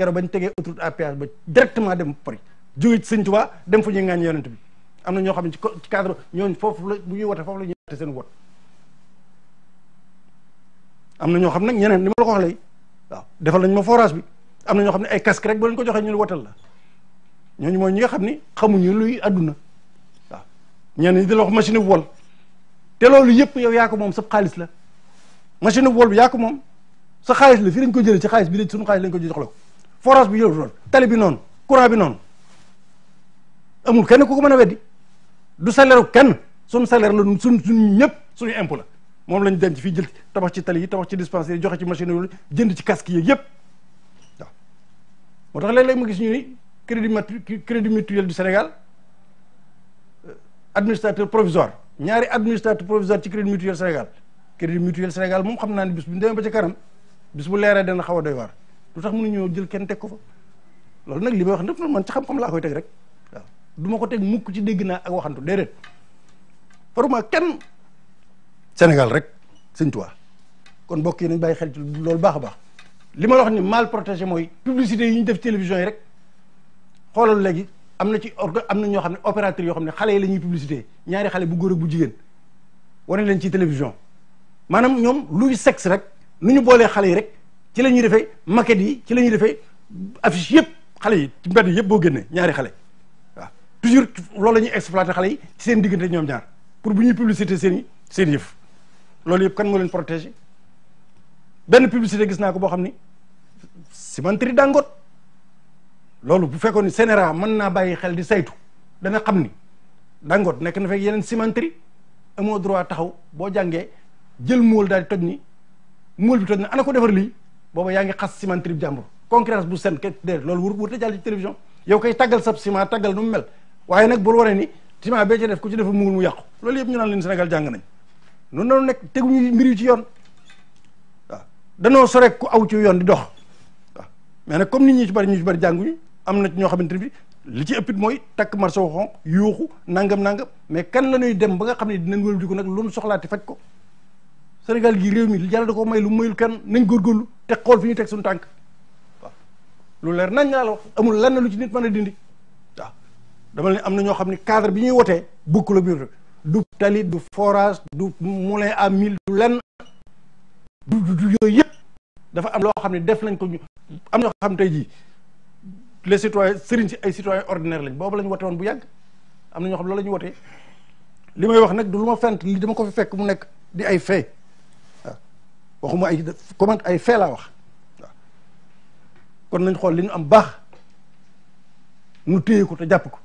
keroog bañ tegee autoroute à péage ba directement dem Paris jóge ci Sëñ Tuubaa dem fu ñuy ŋaañ yonent bi am na ñoo xam ne ci cadre ñooñ foofu la bu ñuy wote foofu la ñuy wote seen wot am na ñoo xam nag ñeneen li ma la ko wax lay waaw defal nañ ma forage bi am na ñoo xam ne ay casque rek ba leen ko joxee ñu wotal la ñoo ñu mooy ñi nga xam ni xamuñu luy àdduna waaw ñenn ñi di la machine bu wol te loolu yëpp yow yaa moom sa xaalis la machine wol bi yaa moom sa xaalis la fii lañ ko jëlee ci xaalis bi de sunu xaalis lañ ko jox la ko forage bi yow noonu tali bi noonu courant bi noonu amul kenn ku ko mën a weddi du salaire kenn suñu salaire la suñ suñ ñëpp suñu impôt la moom lañ denc fii jël tabax ci tali yi tabax ci dispensaire yi joxe ci machine yi jënd ci casque yi yëpp waaw moo tax léeg-léeg ma gis ñu ni crédit crédit mutuel du Sénégal euh, administrateur provisoire ñaari administrateur provisoire ci crédit mutuel Sénégal crédit mutuel Sénégal moom xam naa ne bis bu ñu demee ba ca kanam bis bu xaw a doy lu tax mënuñoo jël kenn teg ko fa loolu nag li may wax def noonu man ci xam-xam laa koy teg rek waaw du ma ko teg mukk ci dégg naa ak waxantu déedéet faruma kenn Sénégal rek sëñ Tuubaa kon mbokk yi nañ bàyyi xel ci loolu baax a baax li ma la wax ni mal protégé mooy publicité yi ñu def télévision yi rek xoolal léegi am na ci am na ñoo xam ne opérateur yoo xam ne xale yi la ñuy publicité ñaari xale bu góor bu jigéen wane leen ci télévision maanaam ñoom luy sexe rek nu ñu boolee xale yi rek ci la ñuy defee maquette yi ci la ñuy defee affiche yëpp xale yi ci mbedd yëpp boo génnee ñaari xale waaw toujours loolu la ñuy exploité xale yi ci seen diggante ñoom ñaar pour bu ñuy publicité seen i seen yëf loolu yëpp kan moo leen protégé benn publicité gis naa ko boo xam ni cimenterie Dangote loolu bu fekkoon ni CNRA mën naa bàyyi xel di saytu dana xam ni Dangote nekk na fekk yeneen cimenterie amoo droit taxaw boo jàngee jël mool daal di toj ni mool bi toj na ana ko defar lii booba yaa ngi xas cimenterie bi jàmbur concurrence bu sen ke déedéet loolu wur wurte jàll ci télévision yow koy taggal sab ciment taggal nu mu mel waaye nag bul wane ni ciment bee ci def ku ci defu mungul mu yàqu loolu yëpp ñu yoon waaw danoo sore ku aw ci yoon di dox waaw mais nag comme nit ñi ci bari ñu ci bari jànguñu am na ñoo xamante bi li ci ëppit mooy takk marché waxoon yuuxu nangam nangam mais kan la ñuy dem ba nga xam ne dinañ wël di ko nag lu mu soxlaati faj ko Sénégal gi réew mi yàlla da ko may lu mayul kenn nañ góorgóorlu te xool fi ñu teg suñu tànk lu leer nañ laa la wax amul lenn lu ci nit mën a dindi dama ne am na ñoo xam ne cadre bi ñuy wotee bukk la du tali du forage du à mille du du du yooyu am loo xam ne def nañ ko ñu am ñoo tey jii les citoyens sëriñ si ay citoyens ordinaire lañ boobu lañ wote bu yàgg am na ñoo xam la ñu wotee li may wax nag du lu ma fent li dama ko fi fekk mu nekk di ay fait waxuma ay comment ay fee laa wax waaw kon nañ xool li ñu am baax nu téye ko te jàpp ko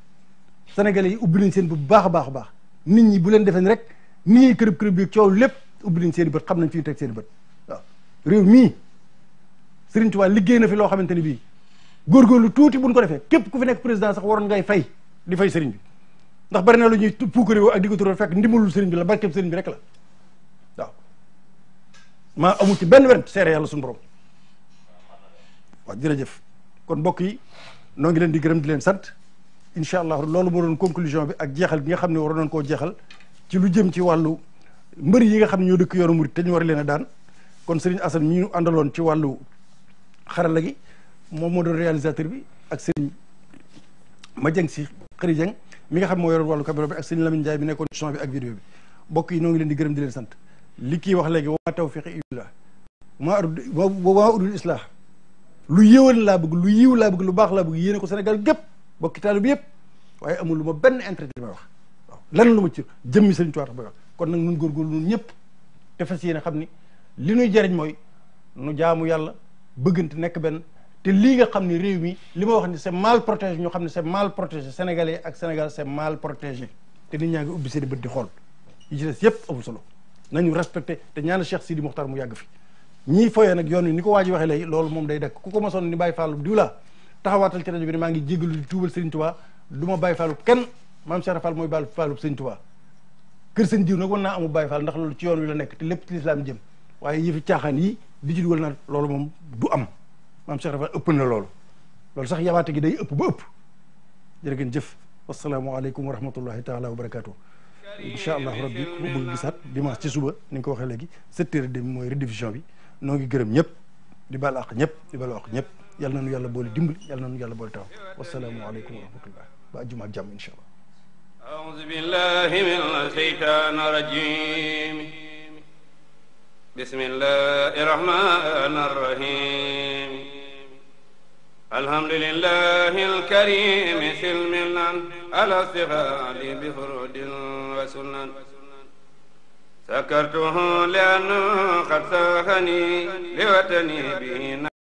sénégalais yi ubbi nañ seen bu baax baax a baax nit ñi bu leen defee ni rek nit ñi kërëb kërëb bi coow lépp ubbi nañ seen bët xam nañ fi ñu teg seen bët réew mii Serigne Touba liggéey na fi loo xamante ni bii góorgóorlu tuuti buñ ko defee képp ku fi nekk président sax waroon ngay fay di fay Serigne bi ndax bari na lu ñuy puukare ak di fekk ndimbalul Serigne bi la barkeb Serigne la maa amul ci benn went seere yàlla suñu borom waaw jërëjëf kon mbokk yi noo ngi leen di gërëm di leen sant incha allah loolu moo doon conclusion bi ak jeexal gi nga xam ne waroon nañ koo jeexal ci lu jëm ci wàllu mbëri yi nga xam ne ñoo dëkk yoonu murit te ñu war leen a daan kon Serigne Assane mi ñu àndaloon ci wàllu xarala gi moom moo doon réalisateur bi ak Serigne Madieng si Khary Dieng mi nga xam moo yoroon wàllu caméra bi ak Serigne Lamine Ndiaye bi nekkoon son ngi leen di gërëm di leen sant li kii wax léegi wa tawfiq illa maa waa udul islah lu yëwan laa bëgg lu yiw laa bëgg lu baax laa bëgg yéene ko Sénégal gépp bokki taalu bi yëpp waaye amul lu ma benn intérêt di may wax lan lu ma ci jëmmi seen Tuubaa tax may wax kon nag nun góorgóorlu nun ñëpp te yi yéene xam ni li nuy jariñ mooy nu jaamu yàlla bëggante nekk benn te lii nga xam ni réew mi li ma wax ni c'est mal protége ñu xam ne c'est mal protégé sénégalais ak Sénégal c'est mal protégé te nit ñaa ngi ubbi seen bët di xool yi yëpp amul solo nañu respecté te ñaana Cheikh Sidi Mokhtar mu yàgg fi ñii foyee nag yoon wi ni ko waa ji waxee léegi loolu moom day dekk ku ko ma sonn ni Baye Fall diw la taxawaatal ci rajo bi ne maa ngi jégalu di tuubal Serigne Touba du ma Baye Fallu kenn maam Cheikh Fall mooy Baye Fallu Serigne waa kër sëñ diw nag war naa amu Baye Fall ndax loolu ci yoon wi la nekk te lépp ci lislaam jëm waaye yëfi caaxaan yi di ci dugal na loolu moom du am maam Cheikh Fall ëpp na loolu loolu sax yabaate gi day ëpp ba ëpp jërë ngeen jëf wasalaamualeykum wa rahmatullahi taala wa barakatuh incha allah rabbi ku bëgg gisaat dimanche ci suba ni ko waxee léegi sept heures et demi mooy rediffusion bi noo gi gërëm ñëpp di baal àq ñëpp di baal àq ñëpp yal na nu yàlla boole dimbali yal na nu yàlla boole taw wasalaamualeykum wa rahmatullah ba àjjuma jàmm incha allah. أعوذ بالله من الشيطان الرجيم بسم الله الرحمن الرحيم alhamdulilah alkarim silmilan ala sixaali bi furudin wa sunan sakartuhu lianu xad saxani liwatani bi